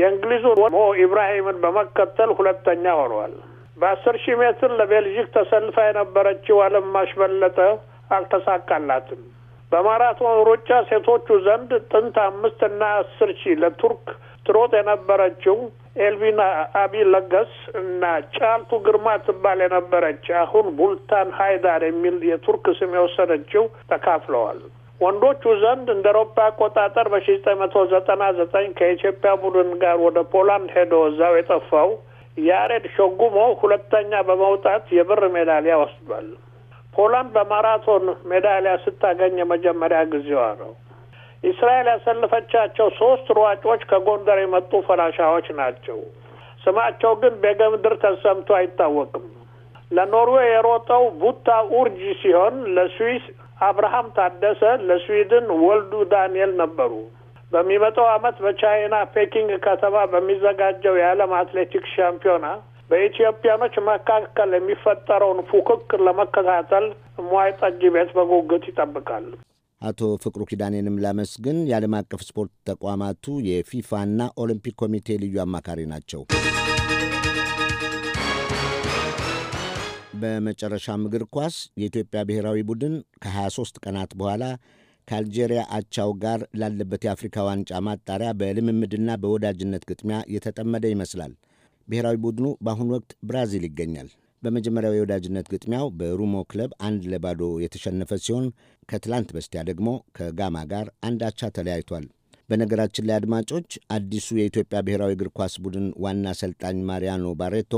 የእንግሊዙ ሞ ኢብራሂምን በመከተል ሁለተኛ ሆኗል። በአስር ሺህ ሜትር ለቤልጂክ ተሰልፋ የነበረችው አለማሽ በለጠ አልተሳካላትም። በማራቶን ሩጫ ሴቶቹ ዘንድ ጥንት አምስት እና አስር ሺህ ለቱርክ ትሮጥ የነበረችው ኤልቪና አቢ ለገስ እና ጫልቱ ግርማ ትባል የነበረች አሁን ቡልታን ሀይዳር የሚል የቱርክ ስም የወሰደችው ተካፍለዋል። ወንዶቹ ዘንድ እንደ አውሮፓ አቆጣጠር በሺ ዘጠኝ መቶ ዘጠና ዘጠኝ ከኢትዮጵያ ቡድን ጋር ወደ ፖላንድ ሄዶ እዛው የጠፋው ያሬድ ሾጉሞ ሁለተኛ በመውጣት የብር ሜዳሊያ ወስዷል። ፖላንድ በማራቶን ሜዳሊያ ስታገኝ የመጀመሪያ ጊዜዋ ነው። እስራኤል ያሰለፈቻቸው ሶስት ሯጮች ከጎንደር የመጡ ፈላሻዎች ናቸው። ስማቸው ግን በገምድር ተሰምቶ አይታወቅም። ለኖርዌይ የሮጠው ቡታ ኡርጂ ሲሆን ለስዊስ አብርሃም ታደሰ፣ ለስዊድን ወልዱ ዳንኤል ነበሩ። በሚመጣው ዓመት በቻይና ፔኪንግ ከተማ በሚዘጋጀው የዓለም አትሌቲክስ ሻምፒዮና በኢትዮጵያኖች መካከል የሚፈጠረውን ፉክክር ለመከታተል ሟይ ጠጅ ቤት በጉጉት ይጠብቃል። አቶ ፍቅሩ ኪዳኔንም ላመስግን። የዓለም አቀፍ ስፖርት ተቋማቱ የፊፋና ኦሎምፒክ ኮሚቴ ልዩ አማካሪ ናቸው። በመጨረሻም እግር ኳስ የኢትዮጵያ ብሔራዊ ቡድን ከ23 ቀናት በኋላ ከአልጄሪያ አቻው ጋር ላለበት የአፍሪካ ዋንጫ ማጣሪያ በልምምድና በወዳጅነት ግጥሚያ የተጠመደ ይመስላል። ብሔራዊ ቡድኑ በአሁኑ ወቅት ብራዚል ይገኛል። በመጀመሪያው የወዳጅነት ግጥሚያው በሩሞ ክለብ አንድ ለባዶ የተሸነፈ ሲሆን ከትላንት በስቲያ ደግሞ ከጋማ ጋር አንድ አቻ ተለያይቷል። በነገራችን ላይ አድማጮች፣ አዲሱ የኢትዮጵያ ብሔራዊ እግር ኳስ ቡድን ዋና አሰልጣኝ ማሪያኖ ባሬቶ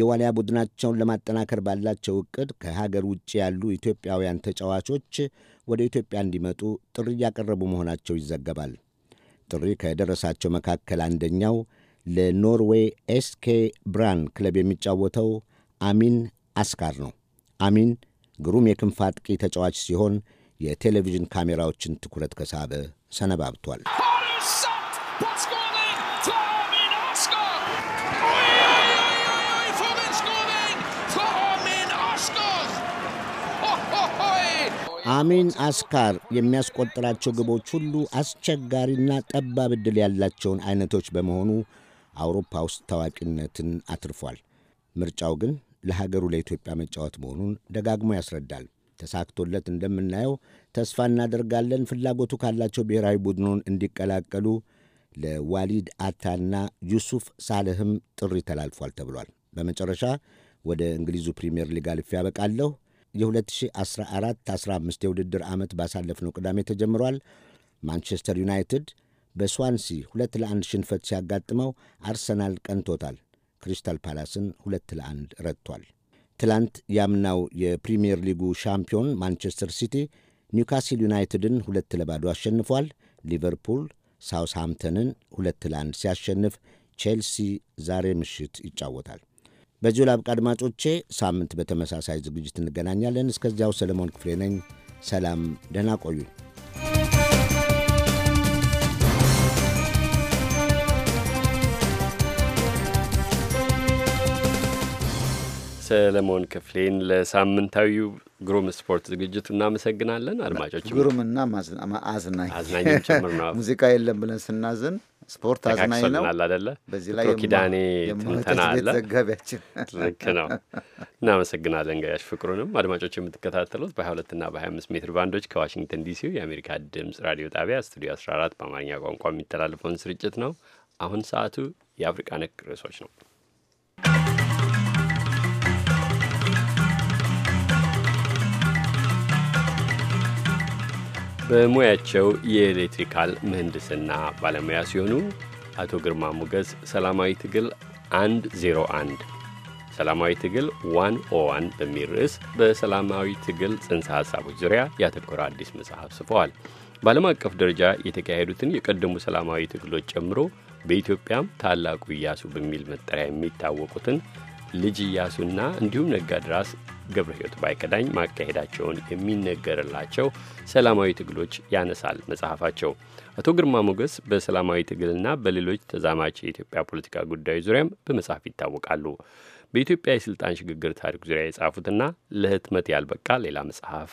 የዋልያ ቡድናቸውን ለማጠናከር ባላቸው እቅድ ከሀገር ውጭ ያሉ ኢትዮጵያውያን ተጫዋቾች ወደ ኢትዮጵያ እንዲመጡ ጥሪ እያቀረቡ መሆናቸው ይዘገባል። ጥሪ ከደረሳቸው መካከል አንደኛው ለኖርዌይ ኤስኬ ብራን ክለብ የሚጫወተው አሚን አስካር ነው። አሚን ግሩም የክንፍ አጥቂ ተጫዋች ሲሆን የቴሌቪዥን ካሜራዎችን ትኩረት ከሳበ ሰነባብቷል። አሚን አስካር የሚያስቆጥራቸው ግቦች ሁሉ አስቸጋሪና ጠባብ ዕድል ያላቸውን አይነቶች በመሆኑ አውሮፓ ውስጥ ታዋቂነትን አትርፏል። ምርጫው ግን ለሀገሩ ለኢትዮጵያ መጫወት መሆኑን ደጋግሞ ያስረዳል። ተሳክቶለት እንደምናየው ተስፋ እናደርጋለን። ፍላጎቱ ካላቸው ብሔራዊ ቡድኑን እንዲቀላቀሉ ለዋሊድ አታና ዩሱፍ ሳልህም ጥሪ ተላልፏል ተብሏል። በመጨረሻ ወደ እንግሊዙ ፕሪምየር ሊግ አልፌ ያበቃለሁ። የ2014-15 የውድድር ዓመት ባሳለፍነው ቅዳሜ ተጀምሯል። ማንቸስተር ዩናይትድ በስዋንሲ ሁለት ለአንድ ሽንፈት ሲያጋጥመው አርሰናል ቀንቶታል። ክሪስታል ፓላስን ሁለት ለአንድ ረጥቷል። ትላንት ያምናው የፕሪምየር ሊጉ ሻምፒዮን ማንቸስተር ሲቲ ኒውካስል ዩናይትድን ሁለት ለባዶ አሸንፏል። ሊቨርፑል ሳውስሃምተንን ሁለት ለአንድ ሲያሸንፍ ቼልሲ ዛሬ ምሽት ይጫወታል። በዚሁ ላብቃ አድማጮቼ። ሳምንት በተመሳሳይ ዝግጅት እንገናኛለን። እስከዚያው ሰለሞን ክፍሌ ነኝ። ሰላም፣ ደህና ቆዩኝ። ሰለሞን ክፍሌን ለሳምንታዊው ግሩም ስፖርት ዝግጅቱ እናመሰግናለን። አድማጮች ግሩምና አዝናኝ አዝናኝም ጭምር ነው። ሙዚቃ የለም ብለን ስናዝን ስፖርት አዝናኝ ነው አደለ? በዚህ ላይ ኪዳኔ ትንተና አለ። ዘጋቢያችን ልክ ነው። እናመሰግናለን ጋያሽ ፍቅሩንም። አድማጮች የምትከታተሉት በ22ና በ25 ሜትር ባንዶች ከዋሽንግተን ዲሲ የአሜሪካ ድምጽ ራዲዮ ጣቢያ ስቱዲዮ አስራ አራት በአማርኛ ቋንቋ የሚተላለፈውን ስርጭት ነው። አሁን ሰዓቱ የአፍሪቃ ነክ ርዕሶች ነው። በሙያቸው የኤሌክትሪካል ምህንድስና ባለሙያ ሲሆኑ አቶ ግርማ ሞገስ ሰላማዊ ትግል 101 ሰላማዊ ትግል 101 በሚል ርዕስ በሰላማዊ ትግል ጽንሰ ሐሳቦች ዙሪያ ያተኮረ አዲስ መጽሐፍ ጽፈዋል። በዓለም አቀፍ ደረጃ የተካሄዱትን የቀደሙ ሰላማዊ ትግሎች ጨምሮ በኢትዮጵያም ታላቁ እያሱ በሚል መጠሪያ የሚታወቁትን ልጅ እያሱና እንዲሁም ነጋድራስ ገብረ ሕይወት ባይከዳኝ ማካሄዳቸውን የሚነገርላቸው ሰላማዊ ትግሎች ያነሳል መጽሐፋቸው። አቶ ግርማ ሞገስ በሰላማዊ ትግልና በሌሎች ተዛማች የኢትዮጵያ ፖለቲካ ጉዳዮች ዙሪያም በመጽሐፍ ይታወቃሉ። በኢትዮጵያ የስልጣን ሽግግር ታሪክ ዙሪያ የጻፉትና ለህትመት ያልበቃ ሌላ መጽሐፍ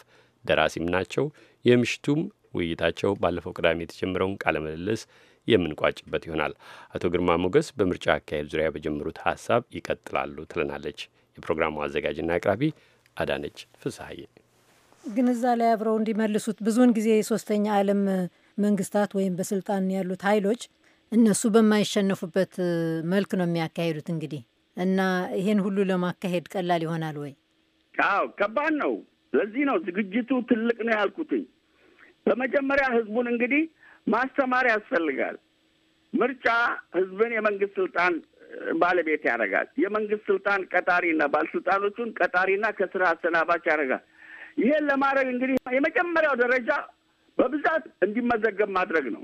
ደራሲም ናቸው። የምሽቱም ውይይታቸው ባለፈው ቅዳሜ የተጀመረውን ቃለ ምልልስ የምንቋጭበት ይሆናል። አቶ ግርማ ሞገስ በምርጫ አካሄድ ዙሪያ በጀመሩት ሀሳብ ይቀጥላሉ ትለናለች። የፕሮግራሙ አዘጋጅና አቅራቢ አዳነች ፍስሐዬ። ግን ላይ አብረው እንዲመልሱት ብዙውን ጊዜ የሶስተኛ ዓለም መንግስታት ወይም በስልጣን ያሉት ኃይሎች እነሱ በማይሸነፉበት መልክ ነው የሚያካሄዱት። እንግዲህ እና ይሄን ሁሉ ለማካሄድ ቀላል ይሆናል ወይ? አዎ ከባድ ነው። ለዚህ ነው ዝግጅቱ ትልቅ ነው ያልኩትኝ። በመጀመሪያ ህዝቡን እንግዲህ ማስተማር ያስፈልጋል። ምርጫ ህዝብን የመንግስት ስልጣን ባለቤት ያደርጋል። የመንግስት ስልጣን ቀጣሪና ባለስልጣኖቹን ቀጣሪና ከስራ አሰናባች ያደርጋል። ይሄን ለማድረግ እንግዲህ የመጀመሪያው ደረጃ በብዛት እንዲመዘገብ ማድረግ ነው።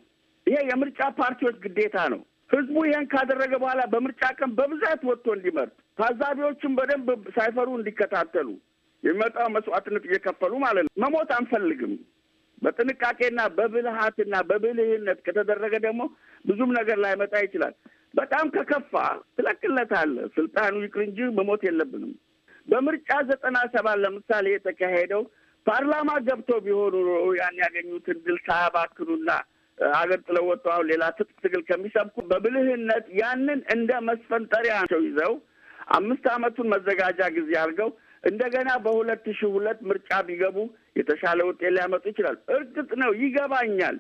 ይሄ የምርጫ ፓርቲዎች ግዴታ ነው። ህዝቡ ይህን ካደረገ በኋላ በምርጫ ቀን በብዛት ወጥቶ እንዲመርጥ፣ ታዛቢዎችን በደንብ ሳይፈሩ እንዲከታተሉ፣ የሚመጣው መስዋዕትነት እየከፈሉ ማለት ነው። መሞት አንፈልግም። በጥንቃቄና በብልሃትና በብልህነት ከተደረገ ደግሞ ብዙም ነገር ላይመጣ ይችላል። በጣም ከከፋ ትለቅለታለህ። ስልጣኑ ይቅር እንጂ መሞት የለብንም። በምርጫ ዘጠና ሰባት ለምሳሌ የተካሄደው ፓርላማ ገብቶ ቢሆኑ ያን ያገኙትን ድል ሳያባክኑና አገር ጥለው ወጥተው አሁን ሌላ ትጥቅ ትግል ከሚሰብኩ በብልህነት ያንን እንደ መስፈንጠሪያ ቸው ይዘው አምስት ዓመቱን መዘጋጃ ጊዜ አድርገው እንደገና በሁለት ሺህ ሁለት ምርጫ ቢገቡ የተሻለ ውጤት ሊያመጡ ይችላል። እርግጥ ነው ይገባኛል።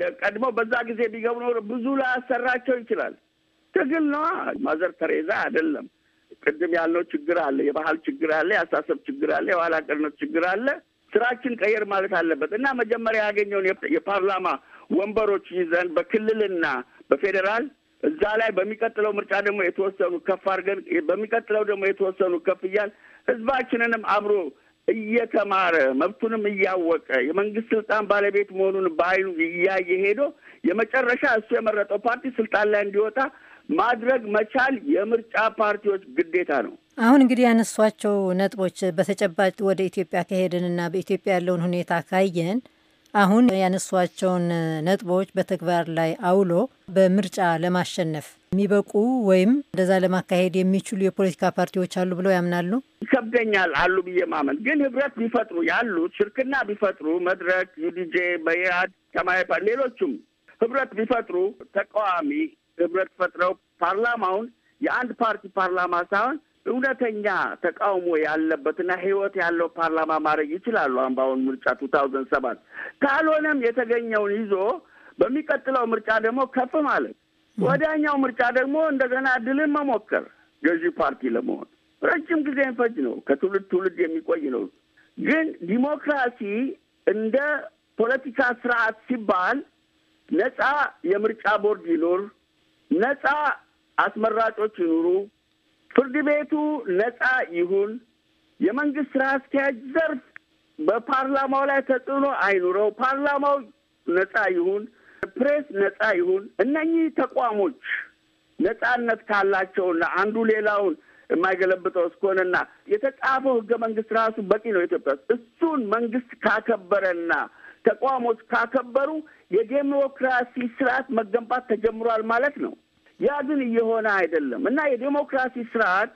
የቀድሞ በዛ ጊዜ ቢገቡ ኖሮ ብዙ ላያሰራቸው ይችላል። ትግል ነዋ። ማዘር ተሬዛ አይደለም። ቅድም ያልነው ችግር አለ፣ የባህል ችግር አለ፣ የአስተሳሰብ ችግር አለ፣ የኋላ ቀርነት ችግር አለ። ስራችን ቀየር ማለት አለበት እና መጀመሪያ ያገኘውን የፓርላማ ወንበሮች ይዘን በክልልና በፌዴራል እዛ ላይ በሚቀጥለው ምርጫ ደግሞ የተወሰኑ ከፍ አድርገን በሚቀጥለው ደግሞ የተወሰኑ ከፍ እያል ህዝባችንንም አብሮ እየተማረ መብቱንም እያወቀ የመንግስት ስልጣን ባለቤት መሆኑን በአይኑ እያየ ሄዶ የመጨረሻ እሱ የመረጠው ፓርቲ ስልጣን ላይ እንዲወጣ ማድረግ መቻል የምርጫ ፓርቲዎች ግዴታ ነው። አሁን እንግዲህ ያነሷቸው ነጥቦች በተጨባጭ ወደ ኢትዮጵያ ከሄድንና በኢትዮጵያ ያለውን ሁኔታ ካየን አሁን ያነሷቸውን ነጥቦች በተግባር ላይ አውሎ በምርጫ ለማሸነፍ የሚበቁ ወይም እንደዛ ለማካሄድ የሚችሉ የፖለቲካ ፓርቲዎች አሉ ብለው ያምናሉ። ይከብደኛል አሉ ብዬ ማመን ግን ህብረት ቢፈጥሩ ያሉት ሽርክና ቢፈጥሩ መድረክ፣ ዩዲጄ፣ በየአድ፣ ሰማያዊ ሌሎቹም ህብረት ቢፈጥሩ ተቃዋሚ ህብረት ፈጥረው ፓርላማውን የአንድ ፓርቲ ፓርላማ ሳይሆን እውነተኛ ተቃውሞ ያለበትና ህይወት ያለው ፓርላማ ማድረግ ይችላሉ። አምባውን ምርጫ ቱ ታውዘንድ ሰባት ካልሆነም የተገኘውን ይዞ በሚቀጥለው ምርጫ ደግሞ ከፍ ማለት፣ ወዲያኛው ምርጫ ደግሞ እንደገና ድልን መሞከር ገዢ ፓርቲ ለመሆን ረጅም ጊዜ ፈጅ ነው። ከትውልድ ትውልድ የሚቆይ ነው። ግን ዲሞክራሲ እንደ ፖለቲካ ስርዓት ሲባል ነጻ የምርጫ ቦርድ ይኖር ነፃ አስመራጮች ይኑሩ፣ ፍርድ ቤቱ ነፃ ይሁን፣ የመንግስት ስራ አስኪያጅ ዘርፍ በፓርላማው ላይ ተጽዕኖ አይኑረው፣ ፓርላማው ነፃ ይሁን፣ ፕሬስ ነፃ ይሁን። እነኚህ ተቋሞች ነፃነት ካላቸውና አንዱ ሌላውን የማይገለብጠው እስከሆነና የተጻፈው ህገ መንግስት ራሱ በቂ ነው ኢትዮጵያ ውስጥ እሱን መንግስት ካከበረና ተቋሞች ካከበሩ የዴሞክራሲ ስርዓት መገንባት ተጀምሯል ማለት ነው። ያ ግን እየሆነ አይደለም እና የዴሞክራሲ ስርዓት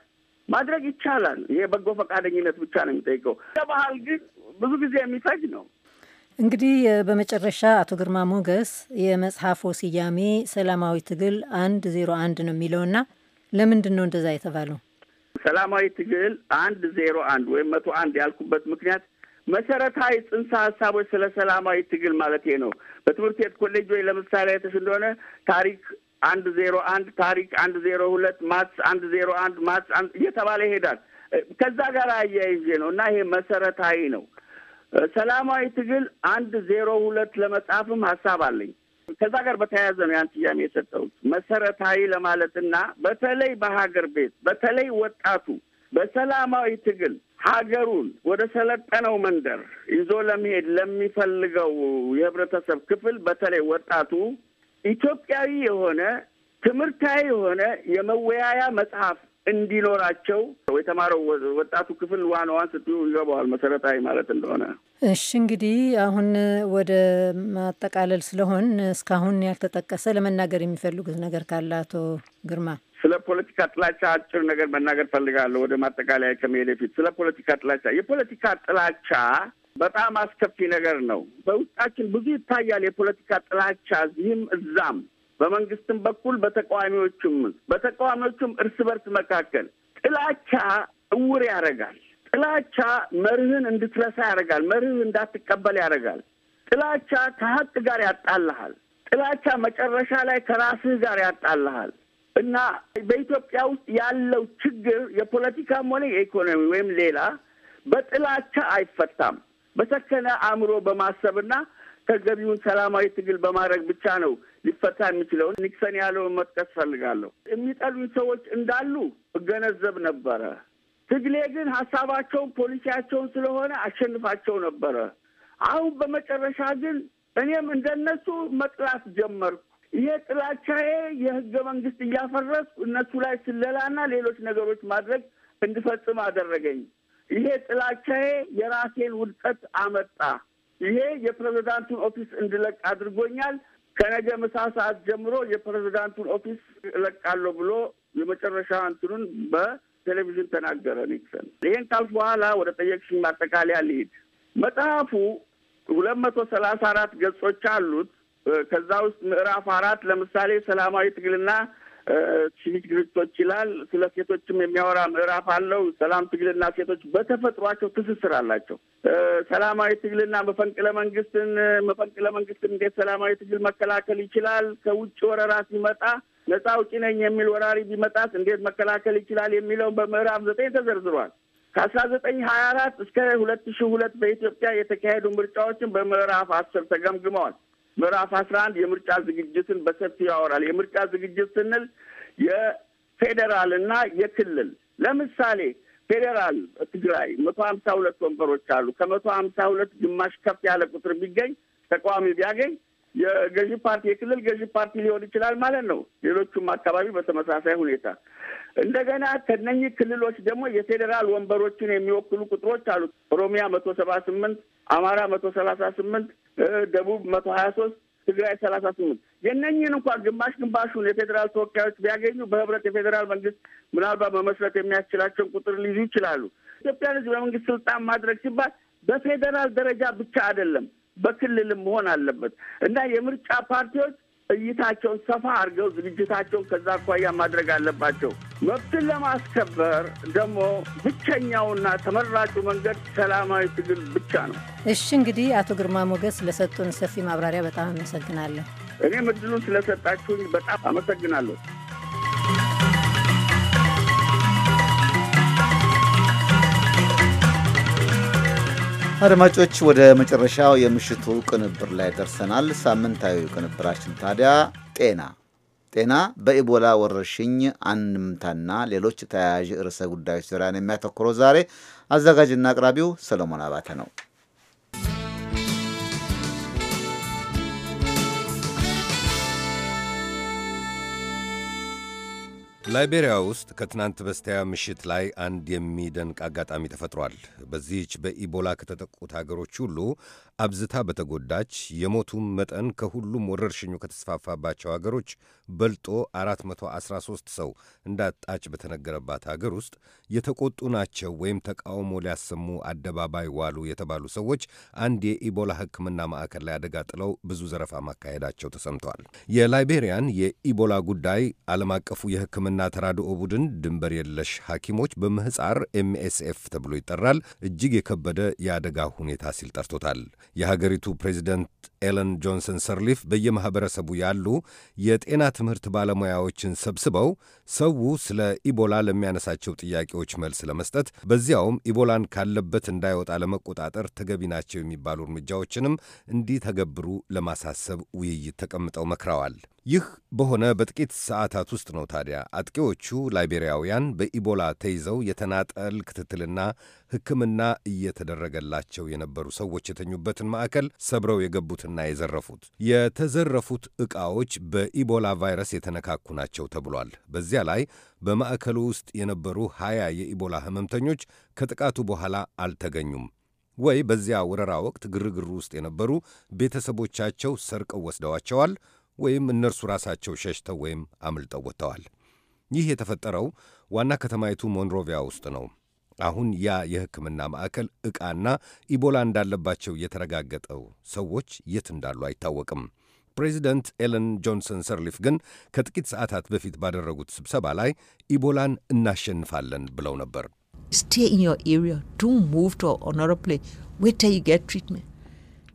ማድረግ ይቻላል። ይሄ በጎ ፈቃደኝነት ብቻ ነው የሚጠይቀው። ለባህል ግን ብዙ ጊዜ የሚፈጅ ነው። እንግዲህ በመጨረሻ አቶ ግርማ ሞገስ የመጽሐፎ ስያሜ ሰላማዊ ትግል አንድ ዜሮ አንድ ነው የሚለውና ለምንድን ነው እንደዛ የተባለው? ሰላማዊ ትግል አንድ ዜሮ አንድ ወይም መቶ አንድ ያልኩበት ምክንያት መሰረታዊ ጽንሰ ሀሳቦች ስለ ሰላማዊ ትግል ማለት ነው። በትምህርት ቤት ኮሌጅ ወይ ለምሳሌ የተሽ እንደሆነ ታሪክ አንድ ዜሮ አንድ ታሪክ አንድ ዜሮ ሁለት ማትስ አንድ ዜሮ አንድ ማትስ እየተባለ ይሄዳል። ከዛ ጋር አያይዤ ነው እና ይሄ መሰረታዊ ነው። ሰላማዊ ትግል አንድ ዜሮ ሁለት ለመጻፍም ሀሳብ አለኝ። ከዛ ጋር በተያያዘ ነው ያን ስያሜ የሰጠሁት መሰረታዊ ለማለትና በተለይ በሀገር ቤት በተለይ ወጣቱ በሰላማዊ ትግል ሀገሩን ወደ ሰለጠነው መንደር ይዞ ለመሄድ ለሚፈልገው የህብረተሰብ ክፍል በተለይ ወጣቱ ኢትዮጵያዊ የሆነ ትምህርታዊ የሆነ የመወያያ መጽሐፍ እንዲኖራቸው የተማረው ወጣቱ ክፍል ዋናዋን ስትዩ ይገባዋል መሰረታዊ ማለት እንደሆነ። እሺ እንግዲህ አሁን ወደ ማጠቃለል ስለሆን እስካሁን ያልተጠቀሰ ለመናገር የሚፈልጉት ነገር ካለ አቶ ግርማ ስለ ፖለቲካ ጥላቻ አጭር ነገር መናገር ፈልጋለሁ። ወደ ማጠቃለያ ከመሄድ ፊት ስለ ፖለቲካ ጥላቻ የፖለቲካ ጥላቻ በጣም አስከፊ ነገር ነው። በውስጣችን ብዙ ይታያል የፖለቲካ ጥላቻ እዚህም እዛም በመንግስትም በኩል በተቃዋሚዎቹም በተቃዋሚዎቹም እርስ በርስ መካከል ጥላቻ እውር ያደርጋል። ጥላቻ መርህን እንድትረሳ ያደርጋል። መርህ እንዳትቀበል ያደርጋል። ጥላቻ ከሀቅ ጋር ያጣልሃል። ጥላቻ መጨረሻ ላይ ከራስህ ጋር ያጣልሃል እና በኢትዮጵያ ውስጥ ያለው ችግር የፖለቲካም ሆነ የኢኮኖሚ ወይም ሌላ በጥላቻ አይፈታም። በሰከነ አእምሮ በማሰብና ተገቢውን ሰላማዊ ትግል በማድረግ ብቻ ነው ሊፈታ የሚችለውን ኒክሰን ያለውን መጥቀስ ፈልጋለሁ። የሚጠሉኝ ሰዎች እንዳሉ እገነዘብ ነበረ። ትግሌ ግን ሀሳባቸውን ፖሊሲያቸውን ስለሆነ አሸንፋቸው ነበረ። አሁን በመጨረሻ ግን እኔም እንደነሱ መጥላት ጀመርኩ። ይሄ ጥላቻዬ የህገ መንግስት እያፈረስኩ እነሱ ላይ ስለላና ሌሎች ነገሮች ማድረግ እንድፈጽም አደረገኝ። ይሄ ጥላቻዬ የራሴን ውድቀት አመጣ። ይሄ የፕሬዚዳንቱን ኦፊስ እንድለቅ አድርጎኛል። ከነገ ምሳ ሰዓት ጀምሮ የፕሬዚዳንቱን ኦፊስ እለቃለሁ ብሎ የመጨረሻ እንትኑን በቴሌቪዥን ተናገረ ኒክሰን። ይሄን ካልፍ በኋላ ወደ ጠየቅሽኝ ማጠቃለያ ልሂድ። መጽሐፉ ሁለት መቶ ሰላሳ አራት ገጾች አሉት። ከዛ ውስጥ ምዕራፍ አራት ለምሳሌ ሰላማዊ ትግልና ሲቪክ ድርጅቶች ይላል። ስለ ሴቶችም የሚያወራ ምዕራፍ አለው። ሰላም ትግልና ሴቶች በተፈጥሯቸው ትስስር አላቸው። ሰላማዊ ትግልና መፈንቅለ መንግስትን መፈንቅለ መንግስትን እንዴት ሰላማዊ ትግል መከላከል ይችላል? ከውጭ ወረራ ሲመጣ ነፃ አውጪ ነኝ የሚል ወራሪ ቢመጣት እንዴት መከላከል ይችላል? የሚለውን በምዕራፍ ዘጠኝ ተዘርዝሯል። ከአስራ ዘጠኝ ሀያ አራት እስከ ሁለት ሺ ሁለት በኢትዮጵያ የተካሄዱ ምርጫዎችን በምዕራፍ አስር ተገምግመዋል። ምዕራፍ አስራ አንድ የምርጫ ዝግጅትን በሰፊው ያወራል። የምርጫ ዝግጅት ስንል የፌዴራል እና የክልል ለምሳሌ ፌዴራል ትግራይ መቶ ሀምሳ ሁለት ወንበሮች አሉ። ከመቶ ሀምሳ ሁለት ግማሽ ከፍ ያለ ቁጥር ቢገኝ ተቃዋሚ ቢያገኝ የገዢ ፓርቲ የክልል ገዢ ፓርቲ ሊሆን ይችላል ማለት ነው። ሌሎቹም አካባቢ በተመሳሳይ ሁኔታ እንደገና ከነኚህ ክልሎች ደግሞ የፌዴራል ወንበሮችን የሚወክሉ ቁጥሮች አሉ። ኦሮሚያ መቶ ሰባ ስምንት አማራ መቶ ሰላሳ ስምንት ደቡብ መቶ ሀያ ሶስት ትግራይ ሰላሳ ስምንት የእነኝህን እንኳን ግማሽ ግማሹን የፌዴራል ተወካዮች ቢያገኙ በህብረት የፌዴራል መንግስት ምናልባት መመስረት የሚያስችላቸውን ቁጥር ሊይዙ ይችላሉ። ኢትዮጵያን ህዝብ በመንግስት ስልጣን ማድረግ ሲባል በፌዴራል ደረጃ ብቻ አይደለም፣ በክልልም መሆን አለበት እና የምርጫ ፓርቲዎች እይታቸውን ሰፋ አድርገው ዝግጅታቸውን ከዛ አኳያ ማድረግ አለባቸው። መብትን ለማስከበር ደግሞ ብቸኛውና ተመራጩ መንገድ ሰላማዊ ትግል ብቻ ነው። እሺ እንግዲህ አቶ ግርማ ሞገስ ለሰጡን ሰፊ ማብራሪያ በጣም አመሰግናለሁ። እኔም እድሉን ስለሰጣችሁኝ በጣም አመሰግናለሁ። አድማጮች ወደ መጨረሻው የምሽቱ ቅንብር ላይ ደርሰናል። ሳምንታዊ ቅንብራችን ታዲያ ጤና ጤና በኢቦላ ወረርሽኝ አንምታና ሌሎች ተያያዥ ርዕሰ ጉዳዮች ዙሪያን የሚያተኩረው። ዛሬ አዘጋጅና አቅራቢው ሰለሞን አባተ ነው። ላይቤሪያ ውስጥ ከትናንት በስቲያ ምሽት ላይ አንድ የሚደንቅ አጋጣሚ ተፈጥሯል። በዚህች በኢቦላ ከተጠቁት ሀገሮች ሁሉ አብዝታ በተጎዳች የሞቱም መጠን ከሁሉም ወረርሽኙ ከተስፋፋባቸው አገሮች በልጦ 413 ሰው እንዳጣች በተነገረባት አገር ውስጥ የተቆጡ ናቸው ወይም ተቃውሞ ሊያሰሙ አደባባይ ዋሉ የተባሉ ሰዎች አንድ የኢቦላ ሕክምና ማዕከል ላይ አደጋ ጥለው ብዙ ዘረፋ ማካሄዳቸው ተሰምተዋል። የላይቤሪያን የኢቦላ ጉዳይ ዓለም አቀፉ የሕክምና ተራድኦ ቡድን ድንበር የለሽ ሐኪሞች በምህፃር ኤምኤስኤፍ ተብሎ ይጠራል እጅግ የከበደ የአደጋ ሁኔታ ሲል ጠርቶታል። የሀገሪቱ ፕሬዚደንት ኤለን ጆንሰን ሰርሊፍ በየማኅበረሰቡ ያሉ የጤና ትምህርት ባለሙያዎችን ሰብስበው ሰው ስለ ኢቦላ ለሚያነሳቸው ጥያቄዎች መልስ ለመስጠት በዚያውም ኢቦላን ካለበት እንዳይወጣ ለመቆጣጠር ተገቢ ናቸው የሚባሉ እርምጃዎችንም እንዲተገብሩ ለማሳሰብ ውይይት ተቀምጠው መክረዋል። ይህ በሆነ በጥቂት ሰዓታት ውስጥ ነው ታዲያ አጥቂዎቹ ላይቤሪያውያን በኢቦላ ተይዘው የተናጠል ክትትልና ሕክምና እየተደረገላቸው የነበሩ ሰዎች የተኙበትን ማዕከል ሰብረው የገቡትና ዋስትና የዘረፉት። የተዘረፉት ዕቃዎች በኢቦላ ቫይረስ የተነካኩ ናቸው ተብሏል። በዚያ ላይ በማዕከሉ ውስጥ የነበሩ ሀያ የኢቦላ ህመምተኞች ከጥቃቱ በኋላ አልተገኙም ወይ በዚያ ወረራ ወቅት ግርግር ውስጥ የነበሩ ቤተሰቦቻቸው ሰርቀው ወስደዋቸዋል ወይም እነርሱ ራሳቸው ሸሽተው ወይም አምልጠው ወጥተዋል። ይህ የተፈጠረው ዋና ከተማይቱ ሞንሮቪያ ውስጥ ነው። አሁን ያ የሕክምና ማዕከል ዕቃና ኢቦላ እንዳለባቸው የተረጋገጠው ሰዎች የት እንዳሉ አይታወቅም። ፕሬዚደንት ኤለን ጆንሰን ሰርሊፍ ግን ከጥቂት ሰዓታት በፊት ባደረጉት ስብሰባ ላይ ኢቦላን እናሸንፋለን ብለው ነበር።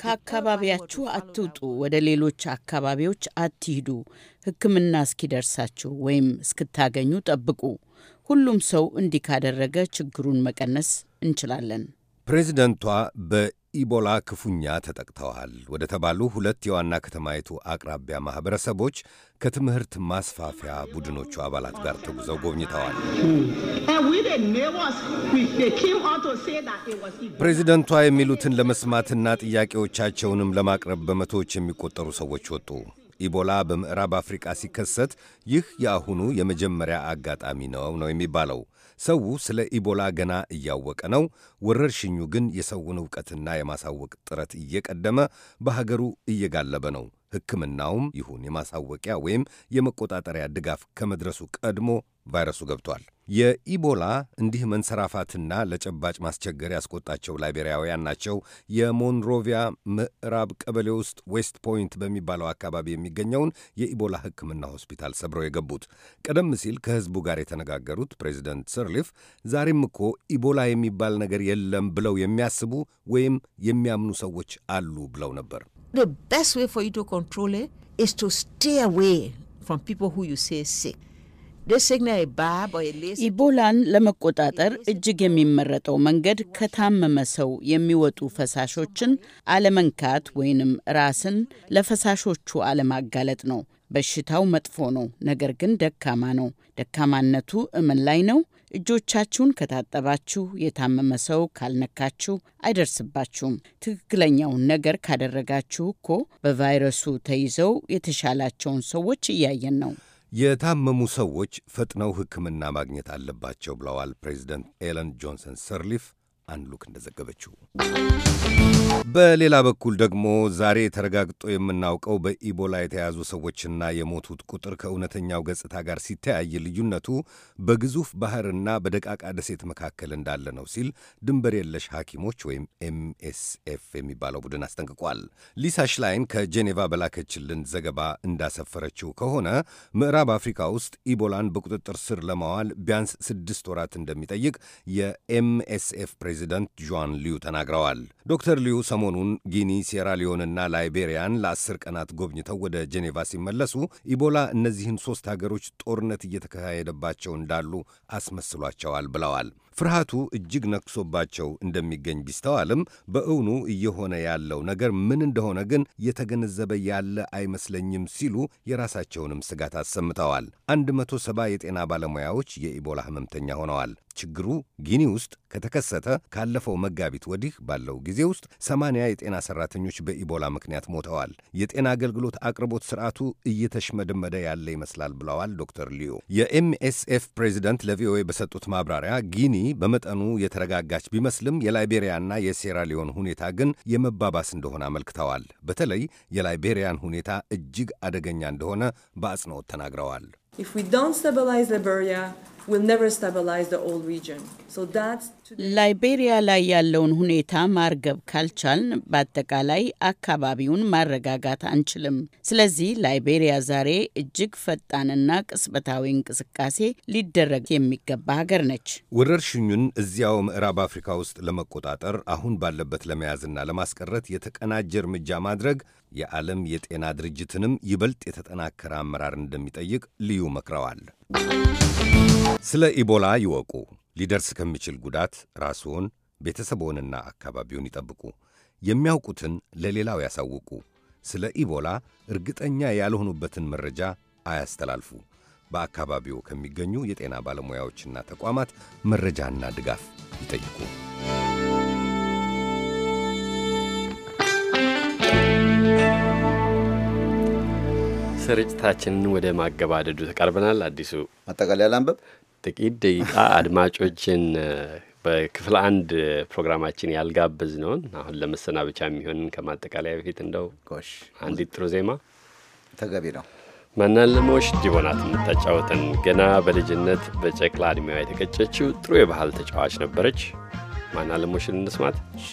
ከአካባቢያችሁ አትውጡ፣ ወደ ሌሎች አካባቢዎች አትሂዱ፣ ሕክምና እስኪደርሳችሁ ወይም እስክታገኙ ጠብቁ። ሁሉም ሰው እንዲህ ካደረገ ችግሩን መቀነስ እንችላለን። ፕሬዚደንቷ በኢቦላ ክፉኛ ተጠቅተዋል ወደ ተባሉ ሁለት የዋና ከተማይቱ አቅራቢያ ማኅበረሰቦች ከትምህርት ማስፋፊያ ቡድኖቹ አባላት ጋር ተጉዘው ጎብኝተዋል። ፕሬዚደንቷ የሚሉትን ለመስማትና ጥያቄዎቻቸውንም ለማቅረብ በመቶዎች የሚቆጠሩ ሰዎች ወጡ። ኢቦላ በምዕራብ አፍሪቃ ሲከሰት ይህ የአሁኑ የመጀመሪያ አጋጣሚ ነው ነው የሚባለው። ሰው ስለ ኢቦላ ገና እያወቀ ነው። ወረርሽኙ ግን የሰውን እውቀትና የማሳወቅ ጥረት እየቀደመ በሀገሩ እየጋለበ ነው። ሕክምናውም ይሁን የማሳወቂያ ወይም የመቆጣጠሪያ ድጋፍ ከመድረሱ ቀድሞ ቫይረሱ ገብቷል። የኢቦላ እንዲህ መንሰራፋትና ለጨባጭ ማስቸገር ያስቆጣቸው ላይቤሪያውያን ናቸው። የሞንሮቪያ ምዕራብ ቀበሌ ውስጥ ዌስት ፖይንት በሚባለው አካባቢ የሚገኘውን የኢቦላ ሕክምና ሆስፒታል ሰብረው የገቡት። ቀደም ሲል ከህዝቡ ጋር የተነጋገሩት ፕሬዚደንት ስርሊፍ ዛሬም እኮ ኢቦላ የሚባል ነገር የለም ብለው የሚያስቡ ወይም የሚያምኑ ሰዎች አሉ ብለው ነበር። ስ best way for ስ ስ control it is to stay ኢቦላን ለመቆጣጠር እጅግ የሚመረጠው መንገድ ከታመመ ሰው የሚወጡ ፈሳሾችን አለመንካት ወይንም ራስን ለፈሳሾቹ አለማጋለጥ ነው። በሽታው መጥፎ ነው፣ ነገር ግን ደካማ ነው። ደካማነቱ እምን ላይ ነው? እጆቻችሁን ከታጠባችሁ፣ የታመመ ሰው ካልነካችሁ አይደርስባችሁም። ትክክለኛውን ነገር ካደረጋችሁ እኮ በቫይረሱ ተይዘው የተሻላቸውን ሰዎች እያየን ነው። የታመሙ ሰዎች ፈጥነው ሕክምና ማግኘት አለባቸው ብለዋል ፕሬዚደንት ኤለን ጆንሰን ሰርሊፍ አንሉክ እንደዘገበችው። በሌላ በኩል ደግሞ ዛሬ ተረጋግጦ የምናውቀው በኢቦላ የተያዙ ሰዎችና የሞቱት ቁጥር ከእውነተኛው ገጽታ ጋር ሲተያይ ልዩነቱ በግዙፍ ባህርና በደቃቃ ደሴት መካከል እንዳለ ነው ሲል ድንበር የለሽ ሐኪሞች ወይም ኤምኤስኤፍ የሚባለው ቡድን አስጠንቅቋል። ሊሳ ሽላይን ከጄኔቫ በላከችልን ዘገባ እንዳሰፈረችው ከሆነ ምዕራብ አፍሪካ ውስጥ ኢቦላን በቁጥጥር ስር ለማዋል ቢያንስ ስድስት ወራት እንደሚጠይቅ የኤምኤስኤፍ ፕሬዚደንት ፕሬዚደንት ጆን ሊዩ ተናግረዋል። ዶክተር ሊዩ ሰሞኑን ጊኒ፣ ሴራሊዮንና ላይቤሪያን ለአስር ቀናት ጎብኝተው ወደ ጄኔቫ ሲመለሱ ኢቦላ እነዚህን ሦስት ሀገሮች ጦርነት እየተካሄደባቸው እንዳሉ አስመስሏቸዋል ብለዋል። ፍርሃቱ እጅግ ነክሶባቸው እንደሚገኝ ቢስተዋልም በእውኑ እየሆነ ያለው ነገር ምን እንደሆነ ግን የተገነዘበ ያለ አይመስለኝም ሲሉ የራሳቸውንም ስጋት አሰምተዋል። አንድ መቶ ሰባ የጤና ባለሙያዎች የኢቦላ ህመምተኛ ሆነዋል። ችግሩ ጊኒ ውስጥ ከተከሰተ ካለፈው መጋቢት ወዲህ ባለው ጊዜ ውስጥ ሰማንያ የጤና ሰራተኞች በኢቦላ ምክንያት ሞተዋል። የጤና አገልግሎት አቅርቦት ስርዓቱ እየተሽመደመደ ያለ ይመስላል ብለዋል ዶክተር ሊዮ። የኤምኤስኤፍ ፕሬዚደንት ለቪኦኤ በሰጡት ማብራሪያ ጊኒ በመጠኑ የተረጋጋች ቢመስልም የላይቤሪያና የሴራሊዮን ሁኔታ ግን የመባባስ እንደሆነ አመልክተዋል። በተለይ የላይቤሪያን ሁኔታ እጅግ አደገኛ እንደሆነ በአጽንኦት ተናግረዋል። ላይቤሪያ ላይ ያለውን ሁኔታ ማርገብ ካልቻልን በአጠቃላይ አካባቢውን ማረጋጋት አንችልም። ስለዚህ ላይቤሪያ ዛሬ እጅግ ፈጣንና ቅስበታዊ እንቅስቃሴ ሊደረግ የሚገባ ሀገር ነች። ወረርሽኙን እዚያው ምዕራብ አፍሪካ ውስጥ ለመቆጣጠር አሁን ባለበት ለመያዝና ለማስቀረት የተቀናጀ እርምጃ ማድረግ የዓለም የጤና ድርጅትንም ይበልጥ የተጠናከረ አመራር እንደሚጠይቅ ልዩ መክረዋል። ስለ ኢቦላ ይወቁ። ሊደርስ ከሚችል ጉዳት ራስዎን፣ ቤተሰቦንና አካባቢውን ይጠብቁ። የሚያውቁትን ለሌላው ያሳውቁ። ስለ ኢቦላ እርግጠኛ ያልሆኑበትን መረጃ አያስተላልፉ። በአካባቢው ከሚገኙ የጤና ባለሙያዎችና ተቋማት መረጃና ድጋፍ ይጠይቁ። ስርጭታችንን ወደ ማገባደዱ ተቃርበናል። አዲሱ ማጠቃለያ ላንበብ። ጥቂት ደቂቃ አድማጮችን በክፍል አንድ ፕሮግራማችን ያልጋበዝ ነውን አሁን ለመሰና ብቻ የሚሆን ከማጠቃለያ በፊት እንደው ጎሽ አንዲት ጥሩ ዜማ ተገቢ ነው። መናለሞሽ ዲቦናት የምታጫወተን ገና በልጅነት በጨቅላ ዕድሜዋ የተቀጨችው ጥሩ የባህል ተጫዋች ነበረች። ማናለሞሽን እንስማት። እሺ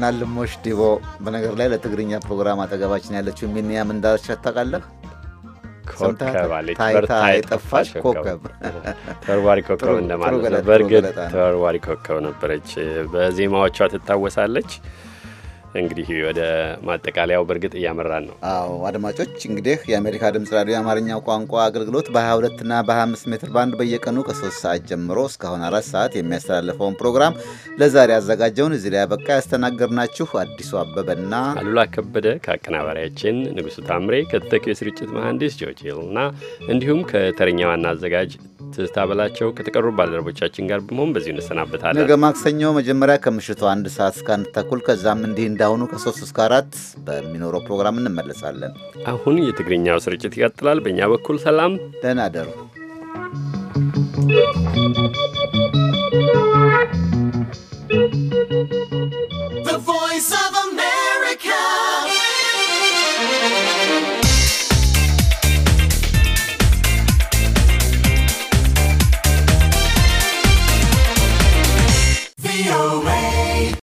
ዋና ልሞሽ ዲቦ በነገር ላይ ለትግርኛ ፕሮግራም አጠገባችን ያለችው ሚኒያም እንዳለች ታውቃለህ? ታይታ የጠፋች ኮከብ ተወርዋሪ ኮከብ እንደማለት ነው። በእርግጥ ተወርዋሪ ኮከብ ነበረች። በዜማዎቿ ትታወሳለች። እንግዲህ ወደ ማጠቃለያው በእርግጥ እያመራን ነው። አዎ አድማጮች፣ እንግዲህ የአሜሪካ ድምፅ ራዲዮ የአማርኛው ቋንቋ አገልግሎት በ22 እና በ25 ሜትር ባንድ በየቀኑ ከ3 ሰዓት ጀምሮ እስካሁን አራት ሰዓት የሚያስተላልፈውን ፕሮግራም ለዛሬ ያዘጋጀውን እዚህ ላይ አበቃ። ያስተናገድናችሁ አዲሱ አበበና አሉላ ከበደ ከአቀናባሪያችን ንጉሱ ታምሬ ከተተኪው የስርጭት መሐንዲስ ጆችል እና እንዲሁም ከተረኛ ዋና አዘጋጅ ትዝታ በላቸው ከተቀሩ ባልደረቦቻችን ጋር በመሆን በዚሁ እንሰናበታለን። ነገ ማክሰኞ መጀመሪያ ከምሽቱ አንድ ሰዓት እስከ አንድ ተኩል ከዛም እንዲህ እንዳሁኑ ከሶስት እስከ አራት በሚኖረው ፕሮግራም እንመለሳለን። አሁን የትግርኛው ስርጭት ይቀጥላል። በእኛ በኩል ሰላም፣ ደህና ደሩ።